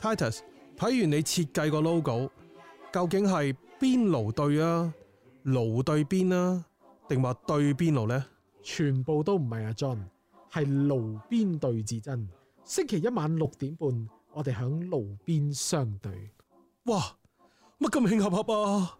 Titus，睇完你設計個 logo，究竟係邊爐對啊？爐對邊啊？定話對邊爐咧？全部都唔係阿 John 係爐邊對至真。星期一晚六點半，我哋響爐邊相對。哇，乜咁慶合合啊？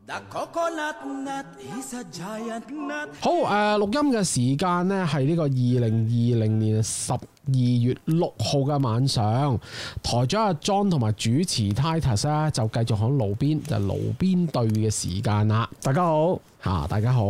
好誒，呃、錄音嘅時間咧係呢個二零二零年十二月六號嘅晚上，台長阿 John 同埋主持 Titus 咧就繼續喺爐邊，就爐、是、邊對嘅時間啦。大家好，嚇、啊、大家好。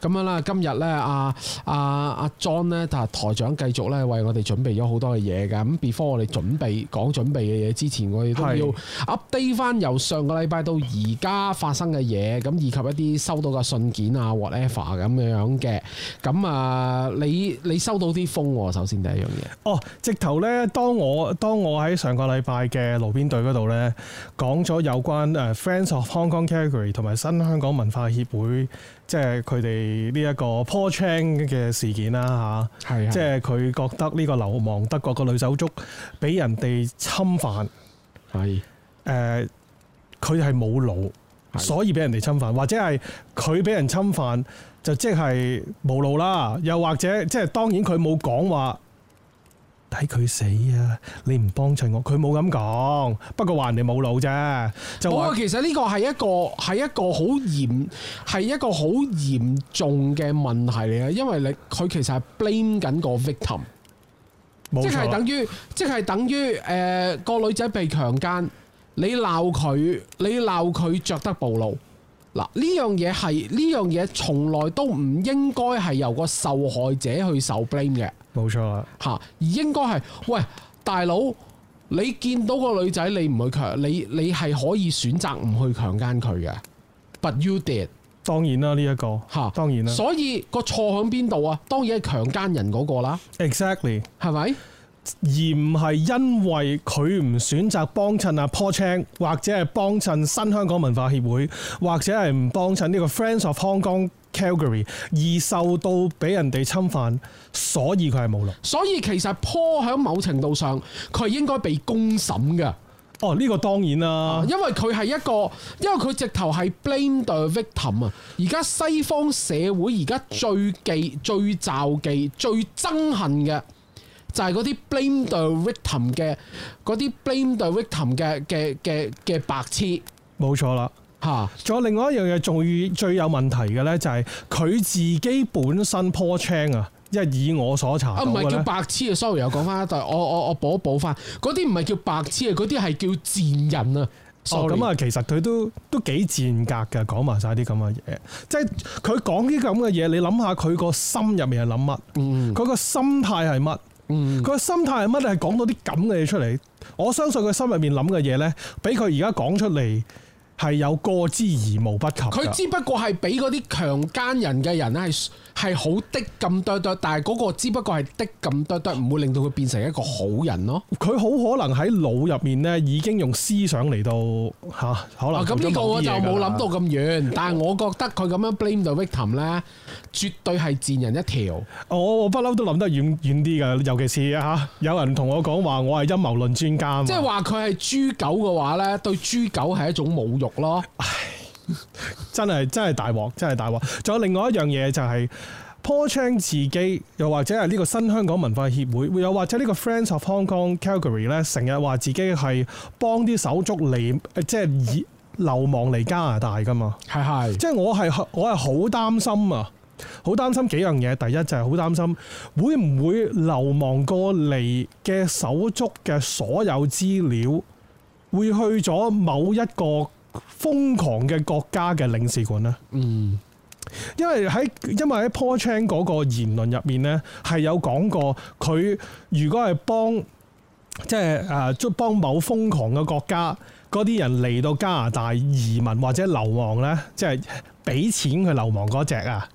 咁樣啦，今日咧阿阿阿 John 咧，台長繼續咧為我哋準備咗好多嘅嘢㗎。咁 before 我哋準備講準備嘅嘢之前，我哋都要 update 翻由上個禮拜到而家發生嘅嘢，咁以及一啲收到嘅信件啊，whatever 咁樣嘅。咁啊，你你收到啲風喎，首先第一樣嘢。哦，直頭咧，當我當我喺上個禮拜嘅爐邊對嗰度咧，講咗有關誒 Friends of Hong Kong Calgary 同埋新香港文化協會，即係佢哋呢一個 po chain 嘅事件啦。嚇，即係佢覺得呢個流亡德國個女手足俾人哋侵犯，係誒佢係冇腦，是是所以俾人哋侵犯，或者係佢俾人侵犯就即係冇腦啦。又或者即係當然佢冇講話。睇佢死啊！你唔幫襯我，佢冇咁講。不過話人哋冇腦啫，不過其實呢個係一個係一個好嚴係一個好嚴重嘅問題嚟啊！因為你佢其實係 blame 緊個 victim，即係等於即係等於誒個女仔被強姦，你鬧佢，你鬧佢着得暴露。嗱，呢樣嘢係呢樣嘢從來都唔應該係由個受害者去受 blame 嘅。冇錯啦，嚇、啊！而應該係，喂，大佬，你見到個女仔，你唔去強，你你係可以選擇唔去強姦佢嘅。But you did，當然啦，呢、這、一個嚇，當然啦。所以個錯響邊度啊？當然係、那個、強姦人嗰個啦。Exactly，係咪？而唔係因為佢唔選擇幫襯阿 Paul Chang，或者係幫襯新香港文化協會，或者係唔幫襯呢個 Friends of Hong Kong。Calgary 而受到俾人哋侵犯，所以佢係冇落。所以其實 Paul 喺某程度上，佢應該被公審嘅。哦，呢、這個當然啦，因為佢係一個，因為佢直頭係 blame the victim 啊！而家西方社會而家最忌、最驕忌，忌、最憎恨嘅，就係嗰啲 blame the victim 嘅、嗰啲 blame the victim 嘅、嘅、嘅、嘅嘅白痴。冇錯啦。嚇！仲有另外一樣嘢，仲要最有問題嘅咧，就係佢自己本身 po 青啊！Chang, 因為以我所查到唔係、啊、叫白痴啊！sorry，又講翻一對，我我我補一補翻，嗰啲唔係叫白痴啊，嗰啲係叫賤人啊！咁啊、哦，其實佢都都幾賤格㗎，完這些東西就是、講埋晒啲咁嘅嘢，即係佢講啲咁嘅嘢，你諗下佢個心入面係諗乜？佢、嗯、個心態係乜？佢、嗯、個心態係乜？你係講到啲咁嘅嘢出嚟，我相信佢心入面諗嘅嘢咧，俾佢而家講出嚟，係有過之而無不及。佢只不過係俾嗰啲強姦人嘅人係係好的咁多多，但係嗰個只不過係的咁多多，唔會令到佢變成一個好人咯。佢好可能喺腦入面呢已經用思想嚟到吓可能。咁，啊，呢個我就冇諗到咁遠，但係我覺得佢咁樣 blame the victim 呢，絕對係賤人一條。我我不嬲都諗得遠遠啲噶，尤其是，啊，有人同我講話我係陰謀論專家。即係話佢係豬狗嘅話呢，對豬狗係一種侮辱咯。 真係真係大鑊，真係大鑊！仲有另外一樣嘢就係，Paul Chang 自己又或者係呢個新香港文化協會，又或者呢個 Friends of Hong Kong Calgary 呢，成日話自己係幫啲手足嚟，呃，即係流亡嚟加拿大噶嘛。係係，即係我係我係好擔心啊！好擔心幾樣嘢，第一就係好擔心會唔會流亡過嚟嘅手足嘅所有資料會去咗某一個。瘋狂嘅國家嘅領事館咧，嗯，因為喺因為喺 Paul Chan 嗰個言論入面呢係有講過佢如果係幫即係誒，即係幫某瘋狂嘅國家嗰啲人嚟到加拿大移民或者流亡呢，即係俾錢佢流亡嗰隻啊，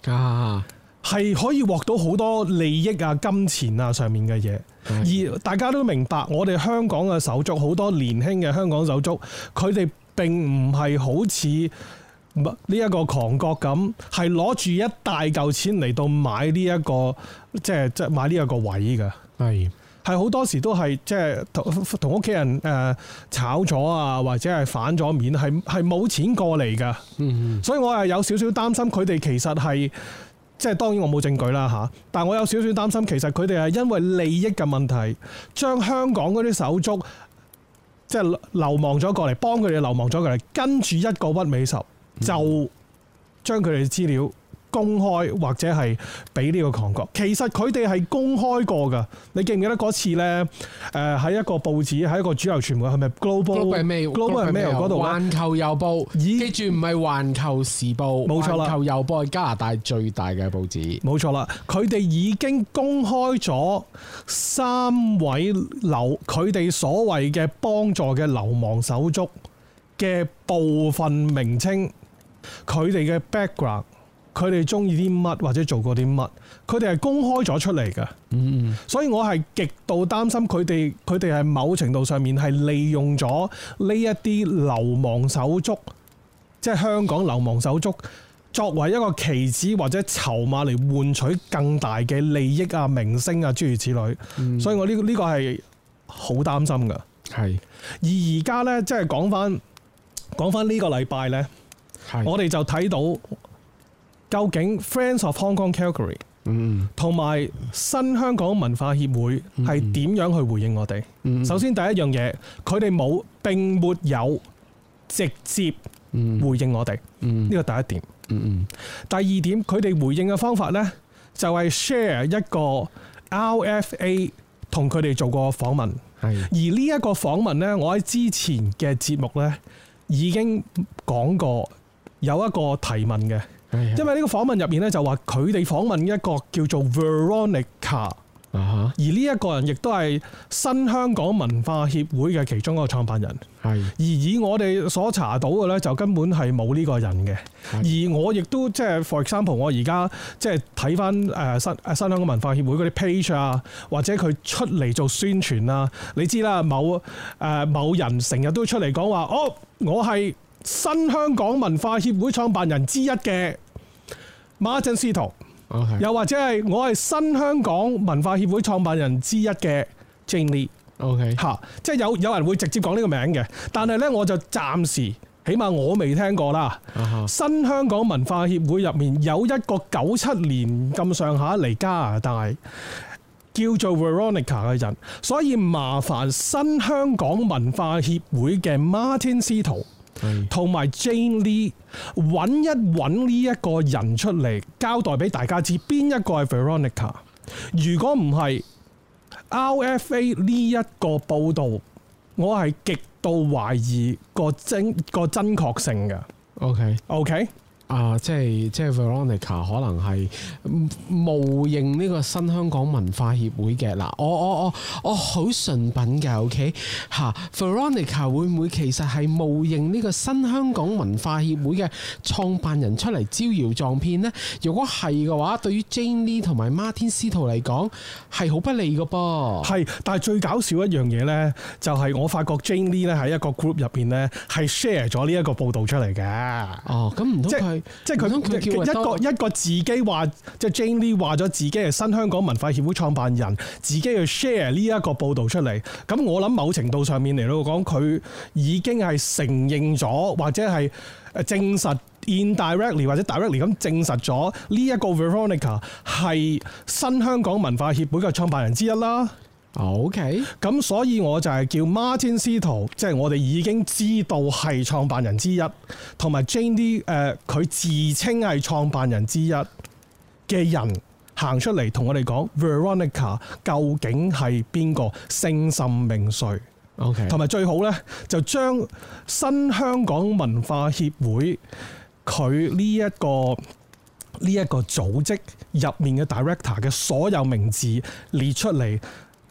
係可以獲到好多利益啊、金錢啊上面嘅嘢、嗯。而大家都明白，我哋香港嘅手足好多年輕嘅香港手足，佢哋。並唔係好似呢一個狂國咁，係攞住一大嚿錢嚟到買呢一個，即係即係買呢一個位㗎。係係好多時都係即係同同屋企人誒炒咗啊，或者係反咗面，係係冇錢過嚟㗎。嗯嗯，所以我係有少少擔心，佢哋其實係即係當然我冇證據啦嚇，但我有少少擔心，其實佢哋係因為利益嘅問題，將香港嗰啲手足……即係流亡咗過嚟，幫佢哋流亡咗過嚟，跟住一個不美十就將佢哋資料，公開或者係俾呢個狂國，其實佢哋係公開過㗎。你記唔記得嗰次呢？喺、呃、一個報紙，喺一個主流傳媒，係咪 Global Global 係咩？Global 係咩？嗰度，環球郵報。記住唔係環球時報。冇錯啦，環球郵報係加拿大最大嘅報紙。冇錯啦，佢哋已經公開咗三位流佢哋所謂嘅幫助嘅流亡手足嘅部分名稱，佢哋嘅 background。佢哋中意啲乜或者做過啲乜，佢哋係公開咗出嚟噶。嗯，所以我係極度擔心佢哋，佢哋係某程度上面係利用咗呢一啲流亡手足，即係香港流亡手足，作為一個棋子或者籌碼嚟，換取更大嘅利益啊、明星啊諸如此類。嗯、所以我呢呢個係好擔心噶。係。而而家呢，即係講翻，講翻呢個禮拜呢，我哋就睇到。究竟 Friends of Hong Kong Calgary 同、mm、埋 -hmm. 新香港文化協會係點樣去回應我哋？Mm -hmm. 首先第一樣嘢，佢哋冇並沒有直接回應我哋呢個第一點。Mm -hmm. 第二點，佢哋回應嘅方法咧就係、是、share 一個 RFA 同佢哋做過訪問，而問呢一個訪問咧，我喺之前嘅節目咧已經講過有一個提問嘅。因為呢個訪問入面咧就話佢哋訪問一個叫做 Veronica，、uh -huh. 而呢一個人亦都係新香港文化協會嘅其中一個創辦人。係、uh -huh. 而以我哋所查到嘅呢，就根本係冇呢個人嘅。Uh -huh. 而我亦都即係、就是、For example，我而家即係睇翻誒新誒新香港文化協會嗰啲 page 啊，或者佢出嚟做宣傳啊，你知啦，某誒、呃、某人成日都出嚟講話，哦，我係。新香港文化協會創辦人之一嘅 Martin 司徒，又或者係我係新香港文化協會創辦人之一嘅 Jenny。O.K. 吓，即係有有人會直接講呢個名嘅，但係呢，我就暫時起碼我未聽過啦。Uh -huh. 新香港文化協會入面有一個九七年咁上下嚟加拿大叫做 Veronica 嘅人，所以麻煩新香港文化協會嘅 Martin 司徒。同埋 Jane Lee 搵一揾呢一個人出嚟，交代俾大家知邊一個係 Veronica。如果唔係 RFA 呢一個報道，我係極度懷疑個真、個真確性嘅。Okay。Okay。啊，即係即係 Veronica 可能係冒認呢個新香港文化協會嘅，嗱，我我我我好純品嘅，OK、啊、Veronica 會唔會其實係冒認呢個新香港文化協會嘅創辦人出嚟招搖撞騙呢？如果係嘅話，對於 Jane Lee 同埋 Martin 司徒嚟講係好不利嘅噃。係，但係最搞笑一樣嘢呢，就係、係、我發覺 Jane Lee 咧喺一個 group 入邊呢，係 share 咗呢一個報導出嚟嘅。哦，咁唔通即係佢一個一個自己話，即係 Jenny 話咗自己係新香港文化協會創辦人，自己去 share 呢一個報導出嚟。咁我諗某程度上面嚟到講，佢已經係承認咗，或者係誒證實 indirectly 或者 directly 咁證實咗呢一個 Veronica 係新香港文化協會嘅創辦人之一啦。OK，咁所以我就係叫 Martin、司徒即係我哋已經知道係創辦人之一，同埋 Jane 啲佢、呃、自稱係創辦人之一嘅人行出嚟同我哋講 Veronica 究竟係邊個姓甚名誰？OK，同埋最好呢，就將新香港文化協會佢呢一個呢一、這個組織入面嘅 director 嘅所有名字列出嚟。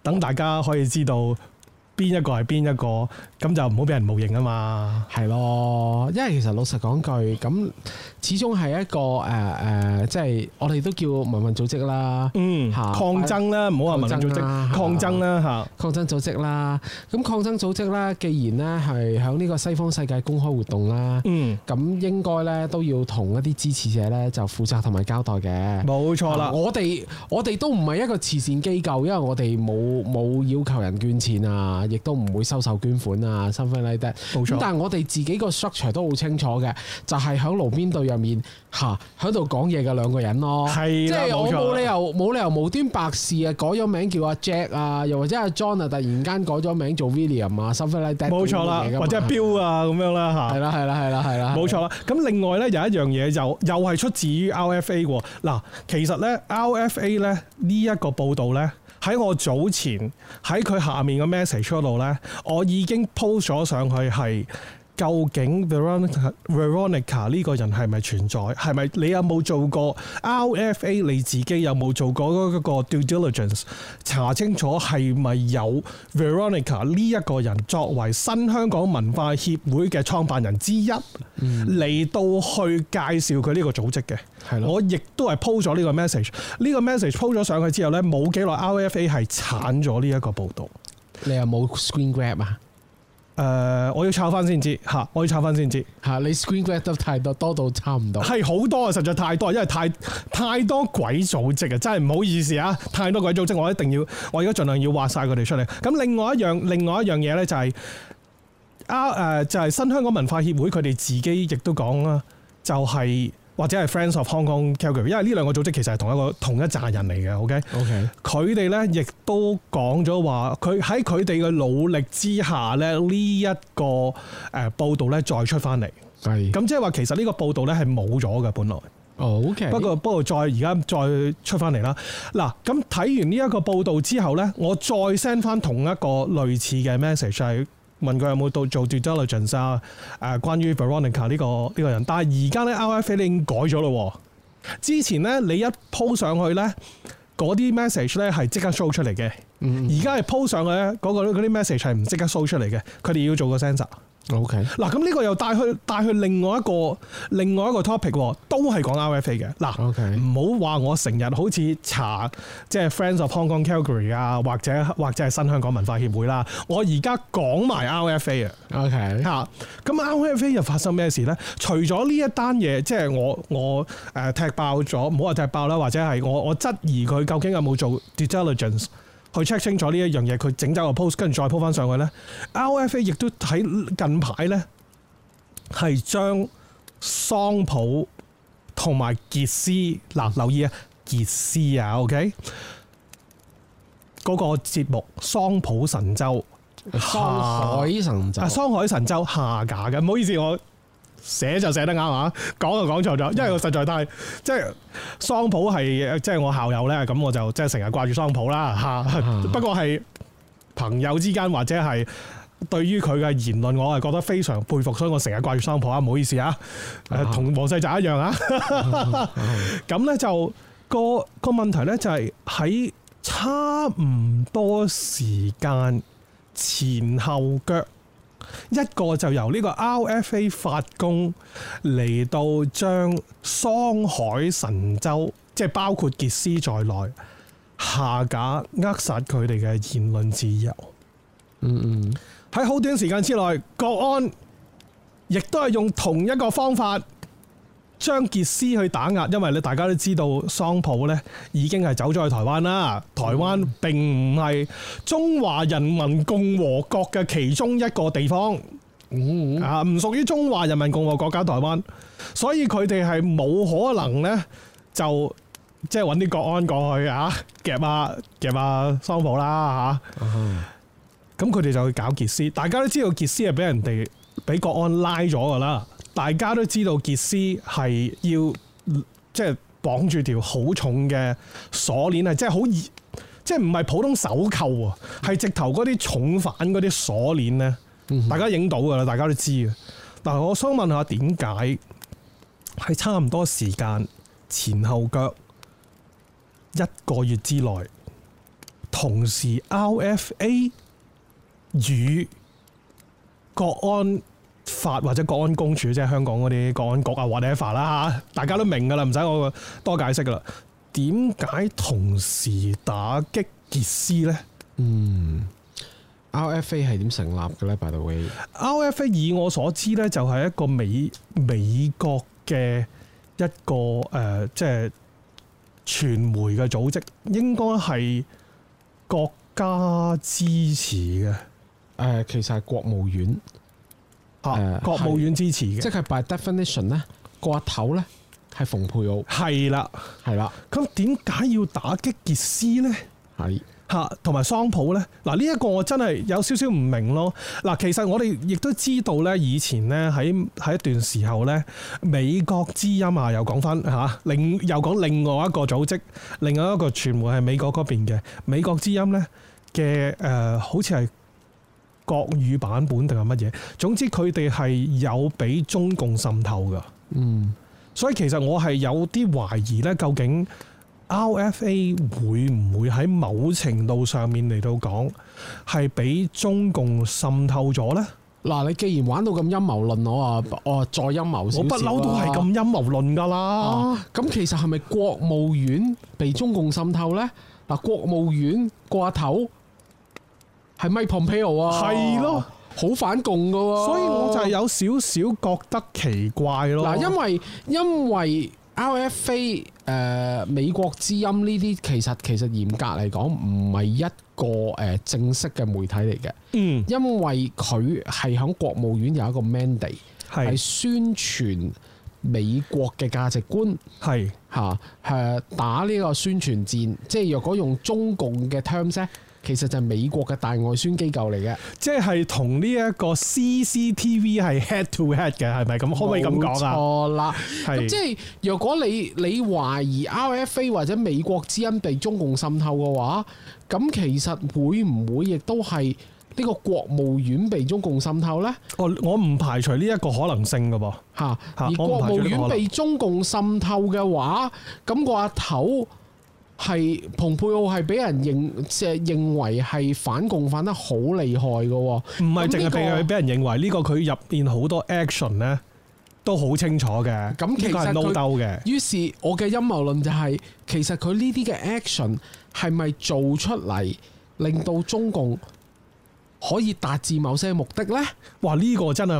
等大家可以知道。邊一個係邊一個咁就唔好俾人冒認啊嘛，係咯，因為其實老實講句，咁始終係一個誒誒、呃呃，即係我哋都叫民運組織啦，嗯，抗爭啦，唔好話民運組織，抗爭啦、啊，嚇、啊，抗爭組織啦，咁、嗯、抗爭組織啦，既然咧係響呢個西方世界公開活動啦，嗯，咁應該咧都要同一啲支持者咧就負責同埋交代嘅，冇錯啦，我哋我哋都唔係一個慈善機構，因為我哋冇冇要求人捐錢啊。亦都唔會收受捐款啊 s t e p 冇錯。但係我哋自己個 structure 都好清楚嘅，就係喺爐邊對入面嚇，喺度講嘢嘅兩個人咯。係即係我冇理由冇理，理由無端白事啊，改咗名叫阿 Jack 啊，又或者阿 John 啊，突然間改咗名做 William 啊 s t e p 冇錯啦，或者 Bill 啊咁樣啦、啊、嚇。係啦，係啦，係啦，係啦。冇錯啦。咁另外咧有一樣嘢又又係出自於 RFA 喎。嗱，其實咧 RFA 咧呢一個報道咧。喺我早前喺佢下面嘅 message 度咧，我已經 post 咗上去係。究竟 Veronica Veronica 呢個人係咪存在？係咪你有冇做過 RFA？你自己有冇做過嗰個 due diligence？查清楚係咪有 Veronica 呢一個人作為新香港文化協會嘅創辦人之一嚟、嗯、到去介紹佢呢個組織嘅？係咯。我亦都係 post 咗呢個 message。呢個 message post 咗上去之後呢，冇幾耐 RFA 係剷咗呢一個報導。你有冇 screen grab 啊？誒、呃，我要抄翻先知吓，我要抄翻先知吓，你 Screen Grab 得太多，多到差唔多係好多啊，實在太多，因為太太多鬼組織啊，真係唔好意思啊，太多鬼組織，我一定要，我而家盡量要挖晒佢哋出嚟。咁另外一樣，另外一樣嘢呢、就係，就係啊就係新香港文化協會佢哋自己亦都講啦，就係、係。或者係 Friends of Hong Kong Calgary 因為呢兩個組織其實係同一個同一紮人嚟嘅，OK？OK。佢哋咧亦都講咗話，佢喺佢哋嘅努力之下咧，呢一、這個誒、呃、報道咧再出翻嚟。係。咁即係話其實呢個報道咧係冇咗嘅，本來。哦，OK。不過不過再而家再出翻嚟啦。嗱，咁睇完呢一個報道之後咧，我再 send 翻同一個類似嘅 message。係問佢有冇到做 due diligence 啊？誒、啊，關於 Veronica 呢個呢個人，但係而家咧 RFA 咧已經改咗啦。之前咧你一 post 上去咧，嗰啲 message 咧係即刻 show 出嚟嘅。而家係 post 上去咧，嗰啲 message 係唔即刻 show 出嚟嘅。佢哋要做個 sensor。O.K. 嗱、啊，咁呢個又帶去帶去另外一個另外一個 topic 喎、啊，都係講 R.F.A. 嘅。嗱、啊，O.K. 唔好話我成日好似查即係、就是、Friends of Hong Kong Calgary 啊，或者或者係新香港文化協會啦。我而家講埋 R.F.A. Okay. 啊，O.K. 嚇，咁 R.F.A. 又發生咩事咧？除咗呢一單嘢，即、就、係、是、我我誒、呃、踢爆咗，唔好話踢爆啦，或者係我我質疑佢究竟有冇做 intelligence 佢 check 清楚呢一樣嘢，佢整走個 post，跟住再 po 翻上去咧。RFA 亦都睇近排咧，係將桑普同埋傑斯嗱、啊，留意啊傑斯啊，OK 嗰個節目《桑普神州》、《桑海神州》，啊，《桑海神州》下架嘅，唔好意思我。寫就寫得啱啊，講就講錯咗，因為我實在太即係、即係、桑普係即係我校友呢。咁我就即係成日掛住桑普啦嚇。啊、 不過係朋友之間或者係對於佢嘅言論，我係覺得非常佩服，所以我成日掛住桑普啊。唔好意思啊，同、啊、黃世澤一樣啊。咁、啊、呢、啊、 就、個個問題呢，就係喺差唔多時間前後腳。一個就由呢個 RFA 發功嚟到將桑海神州，即係包括杰斯在內，下架扼殺佢哋嘅言論自由。嗯嗯，喺好短時間之內，國安亦都係用同一個方法。將傑斯去打壓，因為咧大家都知道桑普咧已經係走咗去台灣啦。台灣並唔係中華人民共和國嘅其中一個地方啊，唔屬於中華人民共和國嘅台灣，所以佢哋係冇可能咧，就即係揾啲國安過去啊，夾啊夾啊桑普啦吓。咁佢哋就去搞傑斯，大家都知道傑斯係俾人哋俾國安拉咗㗎啦。大家都知道杰斯係要即係綁住條好重嘅鎖鏈，即係好熱即係唔係普通手扣喎，係直頭嗰啲重犯嗰啲鎖鏈咧，大家影到噶啦，大家都知嘅。但係，我想問下點解係差唔多時間前後腳一個月之內，同時 RFA 與國安。法或者國安公署，即係香港嗰啲國安局啊，whatever 啦吓，大家都明噶啦，唔使我多解釋噶啦。點解同時打擊傑斯呢？嗯，RFA 係點成立嘅呢？By the way，RFA 以我所知呢，就係一個美美國嘅一個誒、呃，即係傳媒嘅組織，應該係國家支持嘅。誒、呃，其實係國務院。Uh, 國務院支持嘅，即係、就是、by definition 呢個頭呢，係蓬佩奧。係啦，係啦。咁點解要打擊傑斯呢？係吓，同埋桑普呢？嗱，呢一個我真係有少少唔明咯。嗱，其實我哋亦都知道呢，以前呢，喺喺一段時候呢，美國之音啊，又講翻吓，另又講另外一個組織，另外一個傳媒係美國嗰邊嘅。美國之音呢，嘅、呃、好似係。國語版本定係乜嘢？總之佢哋係有俾中共滲透噶。嗯，所以其實我係有啲懷疑呢，究竟 RFA 會唔會喺某程度上面嚟到講係俾中共滲透咗呢？嗱，你既然玩到咁陰謀論，我啊我再陰謀先。我不嬲都係咁陰謀論噶啦。咁、啊、其實係咪國務院被中共滲透呢？嗱，國務院掛頭。係咪 Pompeo 啊？係咯，好反共噶，啊，所以我就有少少覺得奇怪咯。嗱，因為因為 RFA 誒、呃、美國之音呢啲，其實其實嚴格嚟講唔係一個誒、呃、正式嘅媒體嚟嘅。嗯，因為佢係喺國務院有一個 mandate，係宣傳美國嘅價值觀，係吓誒打呢個宣傳戰。即係若果用中共嘅 terms 其實就係美國嘅大外宣機構嚟嘅，即係同呢一個 CCTV 係 head to head 嘅，係咪咁？可唔可以咁講啊？冇錯啦， 是即係若果你你懷疑 RFA 或者美國之音被中共滲透嘅話，咁其實會唔會亦都係呢個國務院被中共滲透呢？我我唔排除呢一個可能性嘅噃。嚇、啊啊！而國務院被中共滲透嘅話，咁、嗰個阿頭。係蓬佩奧係俾人認即係認為係反共反得好厲害嘅喎，唔係淨係佢，係俾人認為呢個佢入邊好多 action 呢都好清楚嘅，咁其實嘅。於是，我嘅陰謀論就係、是、其實佢呢啲嘅 action 係咪做出嚟令到中共可以達至某些目的呢？哇！呢個真係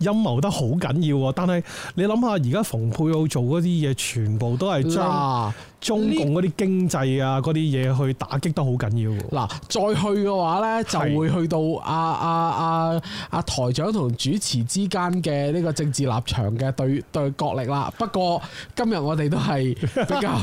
陰謀得好緊要啊！但係你諗下，而家蓬佩奧做嗰啲嘢，全部都係將。中共嗰啲經濟啊，嗰啲嘢去打擊得好緊要。嗱，再去嘅話呢，就會去到啊啊啊啊台長同主持之間嘅呢個政治立場嘅對對角力啦。不過今日我哋都係比較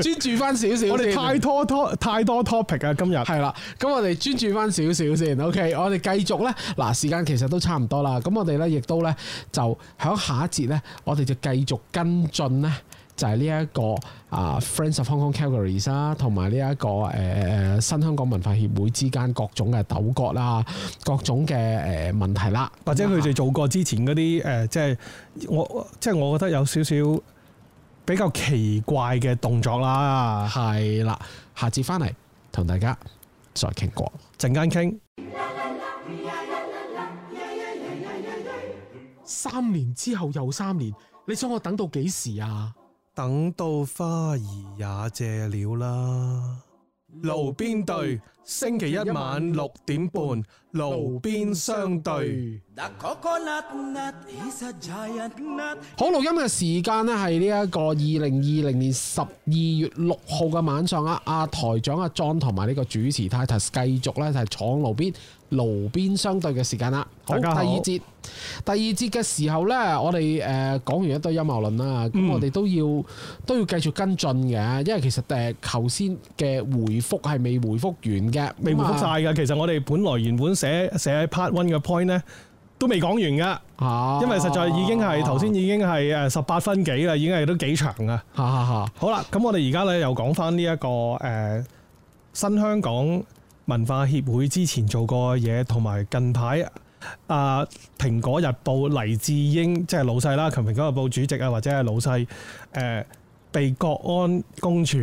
專注翻少少。 我哋太拖拖太多 topic 啊！今日係啦，咁我哋專注翻少少先。OK，我哋繼續呢。嗱，時間其實都差唔多啦。咁我哋呢，亦都呢，就響下一節呢，我哋就繼續跟進呢。就係呢一個啊、uh,，Friends of Hong Kong Calgary 啦，同埋呢一個誒新香港文化協會之間各種嘅鬥角啦，各種嘅誒、uh, 問題啦，或者佢哋做過之前嗰啲誒，即、uh, 係、就是、我即係、就是、我覺得有少少比較奇怪嘅動作啦，係、uh, 啦，下次翻嚟同大家再傾過，陣間傾三年之後又三年，你想我等到幾時啊？等到花兒也謝了啦。爐邊對，星期一晚六點半，爐邊相對。好，錄音嘅時間呢係呢一個二零二零年十二月六號嘅晚上啊！阿台長阿 John 同埋呢個主持 Titus 繼續呢，就係闖爐邊。爐邊相對嘅時間啦，好，第二節，第二節嘅時候呢，我哋誒講完一堆陰謀論啦，咁、嗯、我哋都要都要繼續跟進嘅，因為其實誒頭先嘅回覆係未回覆完嘅，未回覆晒噶。其實我哋本來原本寫寫 part one 嘅 point 呢，都未講完噶，啊，因為實在已經係頭先已經係誒十八分幾啦，已經係都幾長噶，吓吓吓。好啦，咁我哋而家呢，又講翻呢一個誒新香港。文化協會之前做過嘢，同埋近排啊，《蘋果日報》黎智英即係、就是、老細啦，《蘋果日報》主席啊，或者係老細誒、啊，被國安公署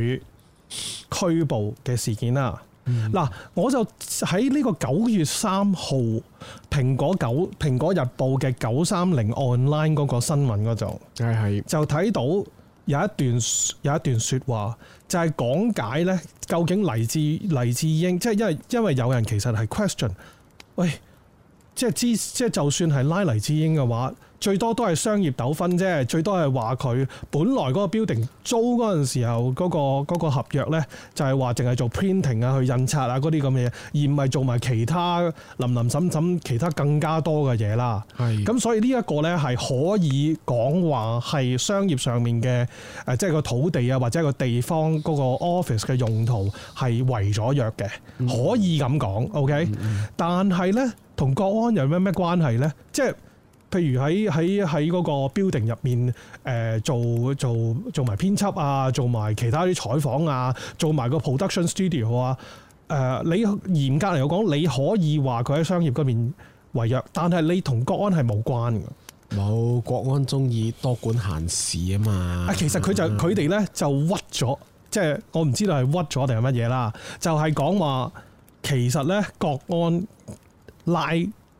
拘捕嘅事件啦。嗱、嗯啊，我就喺呢個九月三號，《蘋果九蘋果日報》嘅九三零 online 嗰個新聞嗰度，就睇到有一段有一段説話。就係、是、講解呢，究竟黎智、黎智英，即係因為因為有人其實係 question，喂，即係知即係就算係拉黎智英嘅話，最多都係商業糾紛啫，最多係話佢本來嗰個 building 租嗰陣時候嗰個嗰個合約呢，就係話淨係做 printing 啊、去印刷啊嗰啲咁嘢，而唔係做埋其他林林沈沈其他更加多嘅嘢啦。係。咁所以呢一個呢，係可以講話係商業上面嘅誒，即係個土地啊或者個地方嗰個 office 嘅用途係違咗約嘅，可以咁講，嗯。OK，嗯嗯但係呢，同國安有咩咩關係呢？即係。譬如喺喺喺嗰個 building 入面，誒、呃、做做做埋編輯啊，做埋其他啲採訪啊，做埋個 production studio 啊，誒、呃，你嚴格嚟講，你可以話佢喺商業嗰邊違約，但係你同國安是沒有係冇關嘅。冇國安中意多管閒事啊嘛。啊，其實佢就佢哋咧就屈咗，即、就、係、是、我唔知道係屈咗定係乜嘢啦，就係講話其實咧國安拉。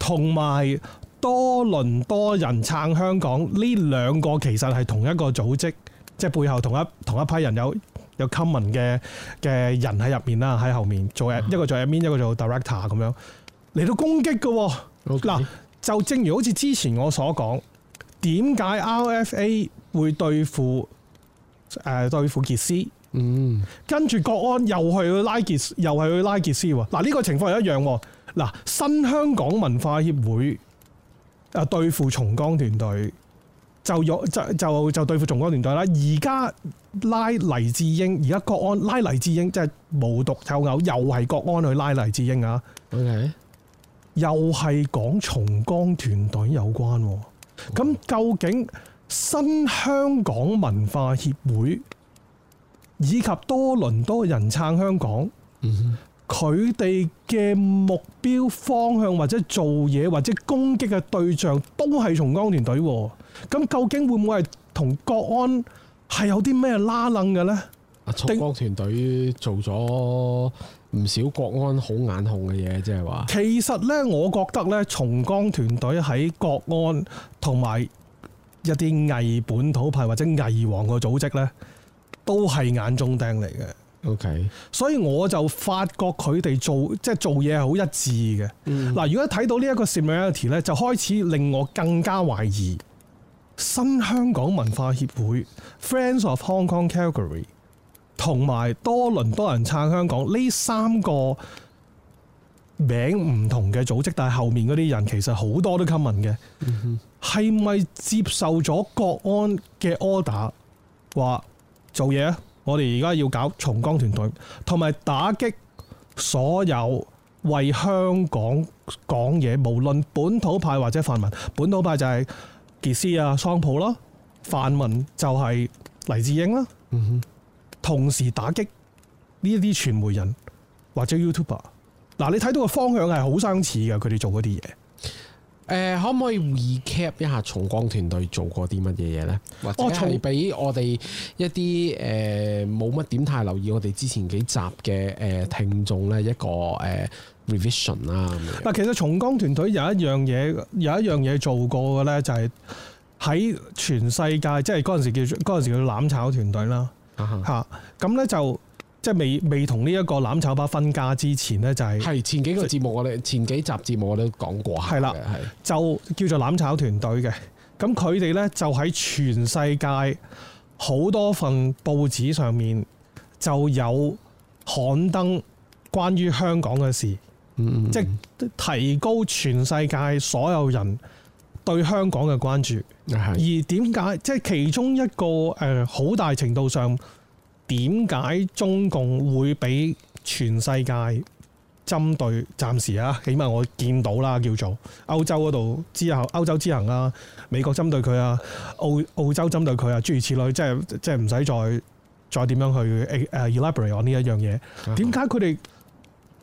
同埋多倫多人撐香港呢兩個其實係同一個組織，即係背後同一同一批人有有 common 嘅嘅人喺入面啦，喺後面做一個做 admin，一個做 director 咁樣嚟到攻擊嘅嗱，就正如好似之前我所講，點解 RFA 會對付誒、呃、對付傑斯？嗯、mm.，跟住國安又去拉傑斯，又係去拉傑斯喎。嗱呢、這個情況係一樣喎。嗱，新香港文化協會啊，對付松江團隊就有就就就對付松江團隊啦。而家拉黎智英，而家國安拉黎智英，即係無獨有偶，又係國安去拉黎智英啊。OK，又係講松江團隊有關喎。咁究竟新香港文化協會以及多倫多人撐香港，嗯哼。佢哋嘅目標方向或者做嘢或者攻擊嘅對象都係松江團隊喎，啊，咁究竟會唔會係同國安係有咩係有啲咩拉楞嘅呢？阿松江團隊做咗唔少國安好眼紅嘅嘢，即係話。其實呢，我覺得呢，松江團隊喺國安同埋一啲偽本土派或者偽王嘅組織呢，都係眼中釘嚟嘅。OK，所以我就發覺佢哋做即係、就是、做嘢係好一致嘅。嗱、嗯，如果睇到呢一個 similarity 咧，就開始令我更加懷疑新香港文化協會、Friends of Hong Kong Calgary 同埋多倫多人撐香港呢三個名唔同嘅組織，但係後面嗰啲人其實好多都 common 嘅，係咪接受咗國安嘅 order 話做嘢啊？我哋而家要搞重光團隊，同埋打擊所有為香港講嘢，無論本土派或者泛民。本土派就係杰斯啊、桑普啦；泛民就係黎智英啦。嗯哼，同時打擊呢一啲傳媒人或者 YouTuber 嗱，你睇到個方向係好相似嘅，佢哋做嗰啲嘢。誒、呃、可唔可以 recap 一下重光團隊做過啲乜嘢嘢咧？或者係俾我哋一啲誒冇乜點太留意我哋之前幾集嘅誒、呃、聽眾咧一個誒、呃、revision 啦。嗱，其實重光團隊有一樣嘢，有一樣嘢做過嘅咧，就係喺全世界，即係嗰陣時叫嗰陣時叫攬炒團隊啦嚇。咁咧。Uh-huh. 啊、就。即係未未同呢一個攬炒巴分家之前呢，就係前幾個節目，我哋前幾集節目我都講過。係啦，就叫做攬炒團隊嘅。咁佢哋呢，就喺全世界好多份報紙上面就有刊登關於香港嘅事，即、嗯嗯嗯、提高全世界所有人對香港嘅關注。而點解即係其中一個好、呃、大程度上？點解中共會俾全世界針對？暫時啊，起碼我見到啦，叫做歐洲嗰度之後，歐洲之行啦，美國針對佢啊，澳澳洲針對佢啊，諸如此類，即係即係唔使再再點樣去誒 elaborate on 呢一樣嘢。點解佢哋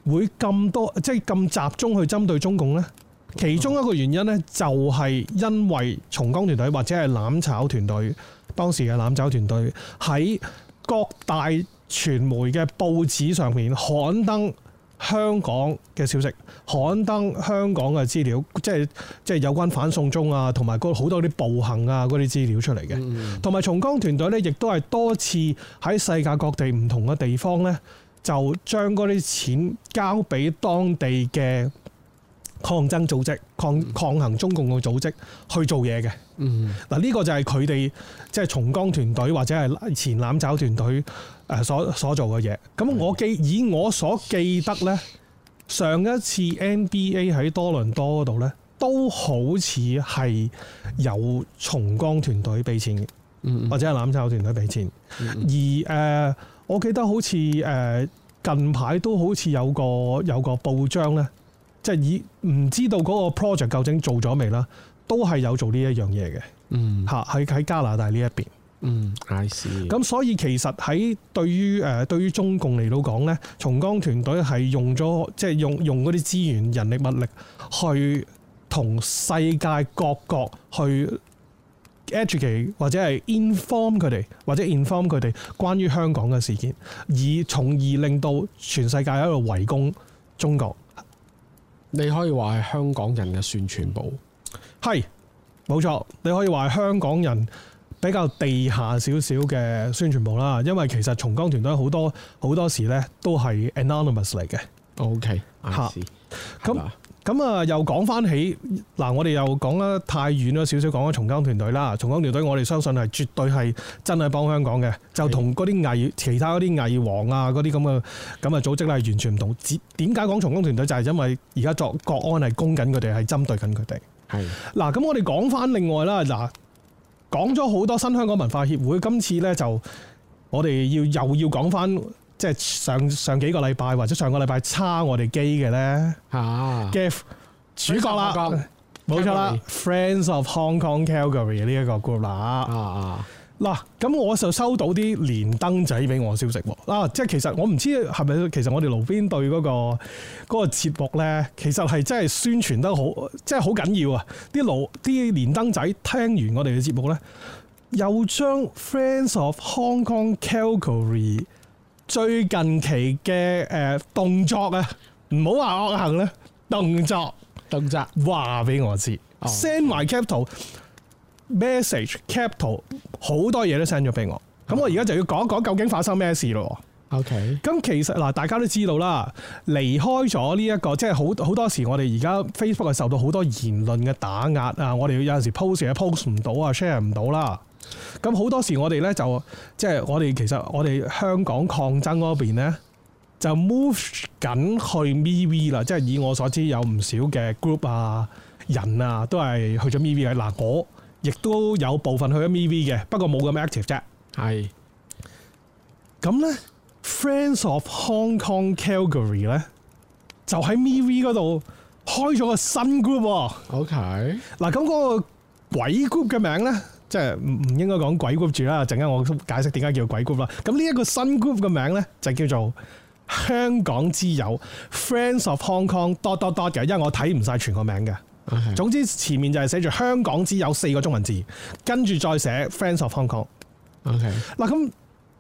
會咁多即係咁集中去針對中共呢？Uh -huh. 其中一個原因呢，就係因為松江團隊或者係攬炒團隊當時嘅攬炒團隊喺。各大傳媒嘅報紙上面刊登香港嘅消息，刊登香港嘅資料，即係即係有關反送中啊，同埋好多啲暴行啊嗰啲資料出嚟嘅。同埋，嗯嗯，松江團隊呢，亦都係多次喺世界各地唔同嘅地方呢，就將嗰啲錢交俾當地嘅。抗爭組織、抗抗衡中共嘅組織去做嘢嘅，嗱、mm-hmm. 呢個就係佢哋即係重光團隊或者係前攬炒團隊誒所所做嘅嘢。咁我記、mm-hmm. 以我所記得呢，上一次 NBA 喺多倫多嗰度呢，都好似係有重光團隊俾錢嘅，mm-hmm. 或者係攬炒團隊俾錢。Mm-hmm. 而誒，我記得好似誒近排都好似有個有個報章呢。即係唔知道嗰個 project 究竟做咗未啦，都係有做呢一樣嘢嘅。嗯，嚇喺加拿大呢一邊。嗯，係。咁所以其實喺對於誒對於中共嚟到講呢，重光團隊係用咗即係用用嗰啲資源人力物力去同世界各國去 educate 或者係 inform 佢哋或者 inform 佢哋關於香港嘅事件，以從而令到全世界喺度圍攻中國。你可以話係香港人嘅宣傳部，係冇錯。你可以話係香港人比較地下少少嘅宣傳部啦，因為其實重光團隊好多好多時呢都係 anonymous 嚟嘅。OK，吓咁。咁啊，又講翻起嗱，我哋又講得太遠啦，少少講翻重金團隊啦。重金團隊，團隊我哋相信係絕對係真係幫香港嘅，就同嗰啲藝其他嗰啲藝王啊，嗰啲咁嘅咁嘅組織啦，完全唔同。點解講重金團隊？就係、係、因為而家作國安係攻緊佢哋，係針對緊佢哋。嗱，咁我哋講翻另外啦，嗱，講咗好多新香港文化協會，今次呢，就我哋要又要講翻。即係上上幾個禮拜，或者上個禮拜差我哋機嘅咧嚇 f 主角啦，冇錯啦。Friends of Hong Kong Calgary 呢一個 group 啦啊啊，嗱，咁我就收到啲連登仔俾我消息喎、啊。即係其實我唔知係咪其實我哋爐邊對嗰、嗰個嗰、嗰個、節目咧，其實係真係宣傳得好，即係好緊要啊！啲路啲連登仔聽完我哋嘅節目咧，又將 Friends of Hong Kong Calgary。最近期嘅誒、呃、動作啊，唔好話惡行啦，動作動作話俾我知、oh.，send 埋 cap 圖 message cap 圖好多嘢都 send 咗俾我，咁、oh. 我而家就要講一講究竟發生咩事咯。OK，咁其實嗱，大家都知道啦，離開咗呢一個即係好好多時，我哋而家 Facebook 係受到好多言論嘅打壓啊，我哋要有陣時候 post 嘢 post 唔到啊，share 唔到啦。咁好多時我哋咧就即係我哋其實我哋香港抗爭嗰邊咧就 move 緊去 MeWe 啦，即係以我所知有唔少嘅 group 啊人啊都係去咗 MeWe 嘅。嗱、啊，我亦都有部分去咗 MeWe 嘅，不過冇咁 active 啫。係，咁咧 Friends of Hong Kong Calgary 咧就喺 MeWe 嗰度開咗個新 group。OK，嗱咁嗰個鬼 group 嘅名咧？即係唔唔應該講鬼 group 住啦，陣間我解釋點解叫鬼 group 啦。咁呢一個新 group 嘅名咧，就叫做香港之友 Friends of Hong Kong dot dot dot 嘅，因為我睇唔晒全個名嘅。Okay。總之前面就係寫住香港之友四個中文字，跟住再寫 Friends of Hong Kong。Okay。嗱，咁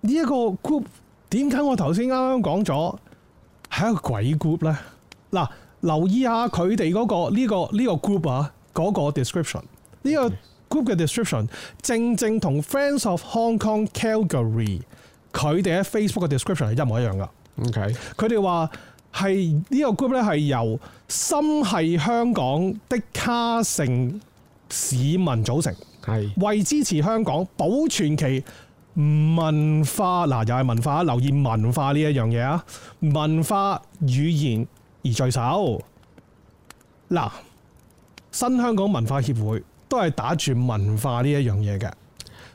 呢一個 group 點解我頭先啱啱講咗係一個鬼 group 咧？嗱，留意下佢哋嗰個呢個呢個 group 啊，嗰個 description 呢個。這個 Group 嘅 description 正正同 Friends of Hong Kong Calgary 佢哋喺 Facebook 嘅 description 係一模一樣噶。OK，佢哋話係呢個 group 咧係由心係香港的卡城市民組成，係為支持香港保存其文化嗱又係文化留意文化呢一樣嘢啊，文化語言而聚首嗱新香港文化協會。都係打住文化呢一樣嘢嘅。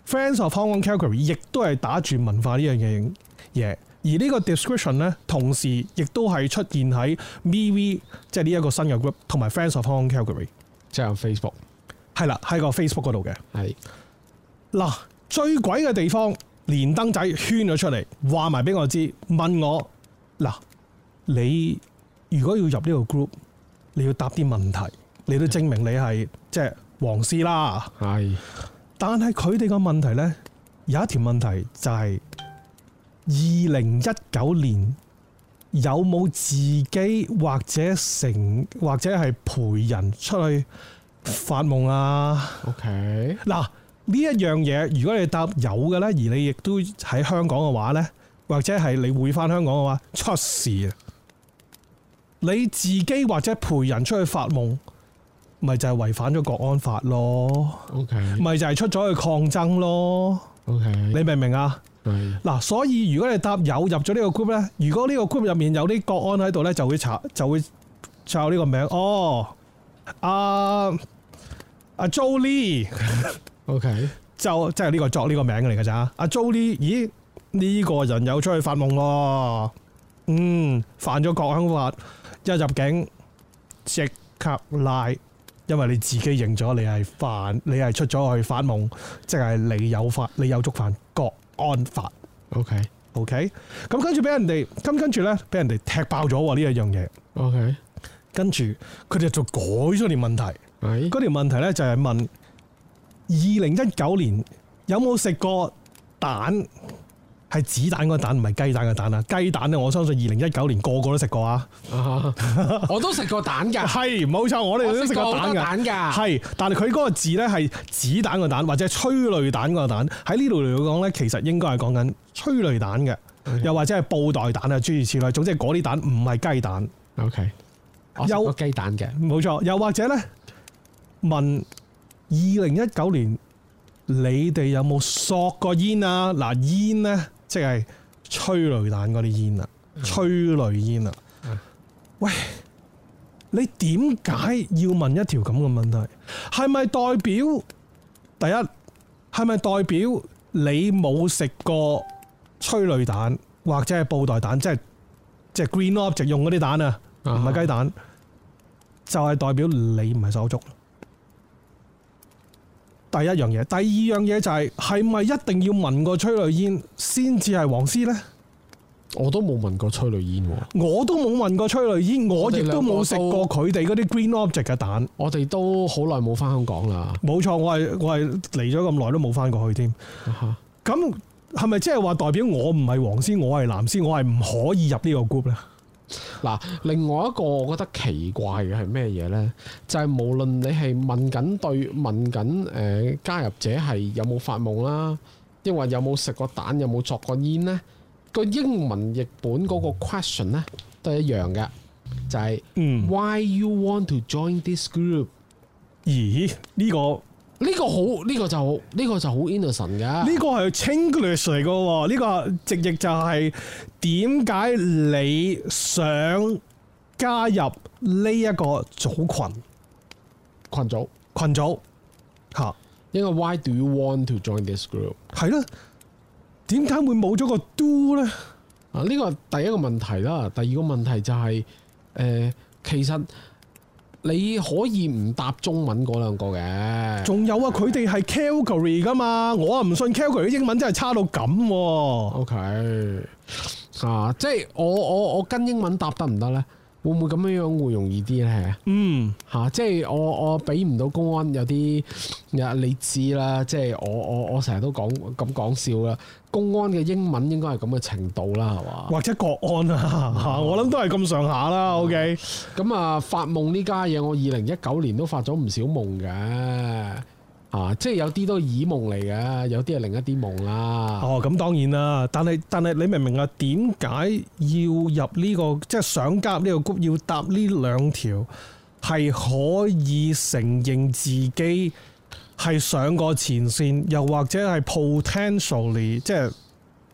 Friends of Hong Kong Calgary 亦都係打住文化呢樣嘅嘢，yeah. 而呢個 description 咧，同時亦都係出現喺 MV，即係呢一個新嘅 group 同埋 Friends of Hong Kong Calgary 即係 Facebook，係啦，喺個 Facebook 度嘅，係嗱最鬼嘅地方，連登仔圈咗出嚟，話埋俾我知，問我嗱，你如果要入呢個 group，你要答啲問題，你都證明你係、嗯、即係。黃絲啦，係，但係佢哋個問題呢，有一條問題就係二零一九年有冇自己或者成或者係陪人出去發夢啊？O K，嗱呢一樣嘢，如果你答有嘅呢，而你亦都喺香港嘅話呢，或者係你會返香港嘅話，出事，你自己或者陪人出去發夢。咪就係違反咗國安法咯，OK，咪就係出咗去抗爭咯，OK，你明唔明啊？係，嗱，所以如果你搭友入咗呢個 group 咧，如果呢個 group 入面有啲國安喺度咧，就會查，就會抄呢個名。哦，阿、啊、阿、啊啊、Jolie，OK，、okay. 就即係呢個作呢個名嚟噶咋？阿、啊、Jolie，咦，呢、這個人有出去發夢囉。嗯，犯咗國安法，一入境即刻拉。因為你自己認咗你係犯，你係出咗去發夢，即係你有法，你有觸犯國安法。OK，OK，、okay. okay? 咁跟住俾人哋，咁跟住咧俾人哋踢爆咗喎呢一樣嘢。OK，跟住佢哋就改咗條問題。係嗰條問題咧就係問：二零一九年有冇食過蛋？係子彈個蛋唔係雞蛋個蛋啊！雞蛋咧，我相信二零一九年個個都食過啊！Uh, 我都食過蛋㗎，係冇錯，我哋都食過蛋㗎。係，但係佢嗰個字咧係子彈個蛋，或者係催淚彈個蛋。喺呢度嚟講咧，其實應該係講緊催淚彈嘅，okay. 又或者係布袋彈啊，諸如此類。總之嗰啲蛋唔係雞蛋。O K，有雞蛋嘅，冇錯。又或者咧問二零一九年你哋有冇索過煙啊？嗱，煙咧。即係催淚彈嗰啲煙啊，催淚煙啊。喂，你點解要問一條咁嘅問題？係咪代表第一？係咪代表你冇食過催淚彈或者係布袋彈？即係即係 Green Object 用嗰啲蛋啊，唔係雞蛋，就係、是 uh -huh. 代表你唔係手足。第一樣嘢，第二樣嘢就係係咪一定要聞過催淚煙先至係黃絲呢？我都冇聞過催淚煙喎，我都冇聞過催淚煙，我亦都冇食過佢哋嗰啲 Green Object 嘅蛋。我哋都好耐冇返香港啦，冇錯，我係我係嚟咗咁耐都冇返過去添。嚇，咁係咪即係話代表我唔係黃絲，我係藍絲，我係唔可以入這個呢個 group 咧？嗱，另外一個我覺得奇怪嘅係咩嘢呢？就係、是、無論你係問緊對問緊誒、呃、加入者係有冇發夢啦，亦或有冇食過蛋，有冇作過煙呢，個英文譯本嗰個 question 咧都係一樣嘅，就係、是、Why you want to join this group？、嗯、咦？呢、這個。呢、這個好，呢個就呢個就好 innocent 㗎。呢、這個係 Chinglish 嚟噶，呢、這個這個直譯就係點解你想加入呢一個組群？群組群組吓。因為 Why do you want to join this group？係啦，點解會冇咗個 do 咧？啊，呢、這個第一個問題啦，第二個問題就係、是、誒、呃，其實。你可以唔答中文嗰兩個嘅？仲有啊，佢哋係 Calgary 噶嘛，我啊唔信 Calgary 英文真係差到咁、啊。OK 嚇、啊，即係我我我跟英文答得唔得咧？會唔會咁樣樣會容易啲咧？嗯，啊、即係我我比唔到公安有啲，你知啦，即係我我我成日都講咁講笑啦。公安嘅英文應該係咁嘅程度啦，係嘛？或者國安啊，嗯、我諗都係咁上下啦。OK，咁、嗯、啊發夢呢家嘢，我二零一九年都發咗唔少夢嘅，啊，即係有啲都係耳夢嚟嘅，有啲係另一啲夢啦。哦，咁當然啦，但係但係你明唔明啊？點解要入呢、這個即係、就是、想夾呢個谷要搭呢兩條係可以承認自己係上過前線，又或者係 potentially，即係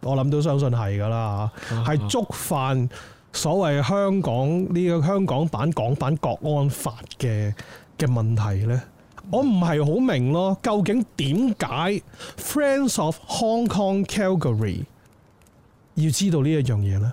我諗都相信係㗎喇，係、啊啊啊、觸犯所謂香港呢個香港版港版國安法嘅嘅問題呢？嗯、我唔係好明白咯，究竟點解 Friends of Hong Kong Calgary 要知道呢一樣嘢呢？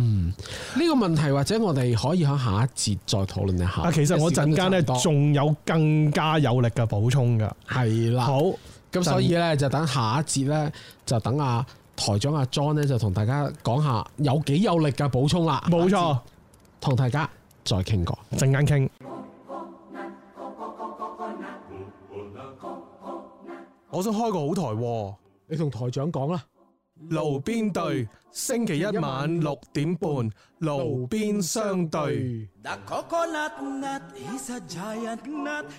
嗯，呢個問題或者我哋可以喺下一節再討論一下。其實我陣間呢，仲有更加有力嘅補充噶。係啦，好，咁所以呢，就等下一節呢，就等阿台長阿 John 呢就同大家講下有幾有力嘅補充啦。冇錯，同大家再傾過，陣間傾。我想開個好台，你同台長講啦。爐邊對，星期一晚六點半，爐邊相對。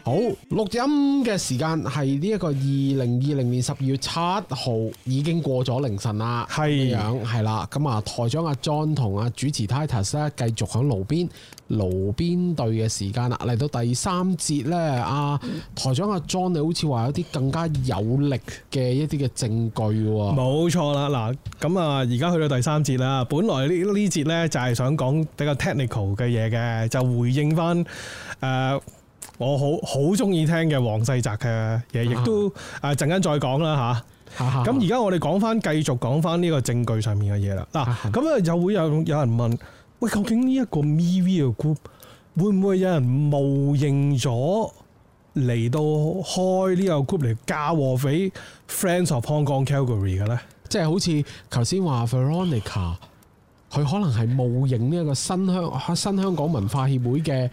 好，錄音嘅時間係呢一個二零二零年十二月七號，已經過咗凌晨啦，係咁樣，係啦，咁啊台長阿 John 同阿主持 Titus 咧，繼續喺爐邊。爐邊對嘅時間啦，嚟到第三節咧，阿、啊、台長阿 John 你好似話有啲更加有力嘅一啲嘅證據喎。冇錯啦，嗱咁啊，而家去到第三節啦，本來呢呢節咧就係想講比較 technical 嘅嘢嘅，就回應翻誒、呃、我好好中意聽嘅黃世澤嘅嘢，亦、啊、都誒陣間再講啦吓，咁而家我哋講翻，繼續講翻呢個證據上面嘅嘢啦。嗱，咁啊又會有有人問。喂，究竟呢一個 MeWe 嘅 group 會唔會有人冒認咗嚟到開呢個 group 嚟嫁禍畀 Friends of Hong Kong Calgary 嘅呢？即係好似頭先話 Veronica，佢可能係冒認呢一個新香新香港文化協會嘅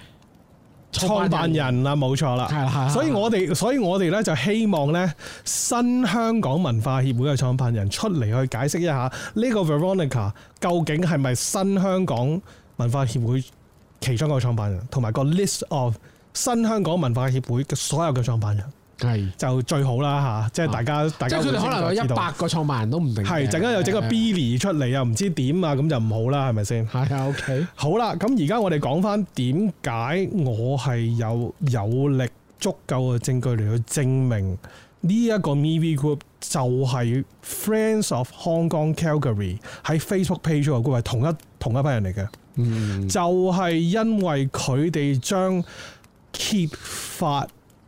創辦人啦，冇錯啦， 所以我哋，所以我哋咧就希望呢，新香港文化協會嘅創辦人出嚟去解釋一下，呢個 Veronica 究竟係咪新香港文化協會其中一個創辦人，同埋個 list of 新香港文化協會嘅所有嘅創辦人。係就最好啦，即係大家，啊、大家、啊、即係佢哋可能有一百個創辦人都唔定。係陣間又整個 Billy 出嚟啊，唔知點啊，咁就唔好啦，係咪先？係啊，OK。好啦，咁而家我哋講返點解我係有有力足夠嘅證據嚟去證明呢一個 MeWe Group 就係 Friends of Hong Kong Calgary 喺 Facebook page 嗰個 group 係同一同一批人嚟嘅。嗯。就係、是、因為佢哋將揭發。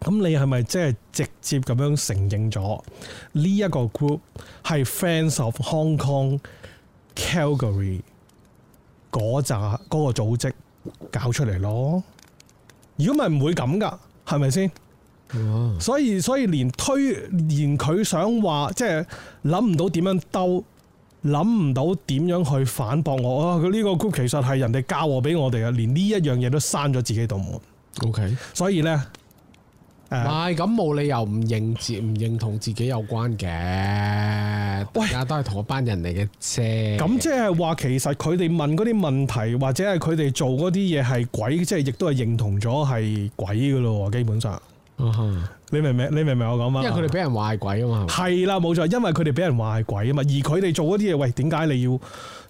咁你係咪即係直接咁樣承認咗呢一個 group 係 Fans of Hong Kong Calgary 嗰扎嗰個組織搞出嚟咯？如果咪唔會咁噶，係咪先？所以所以連推連佢想話即係諗唔到點樣兜，諗唔到點樣去反駁我啊！佢、這、呢個 group 其實係人哋交我俾我哋啊，連呢一樣嘢都閂咗自己道門。OK，所以呢。唔係咁，冇理由唔認自唔認同自己有關嘅。喂，都係同一班人嚟嘅啫。咁即係話，其實佢哋問嗰啲問題，或者係佢哋做嗰啲嘢係鬼，即係亦都係認同咗係鬼㗎咯。基本上，uh -huh. 你明唔明？你明唔明我講乜？因為佢哋俾人話係鬼啊嘛，係啦冇錯，因為佢哋俾人話係鬼啊嘛。而佢哋做嗰啲嘢，喂，點解你要？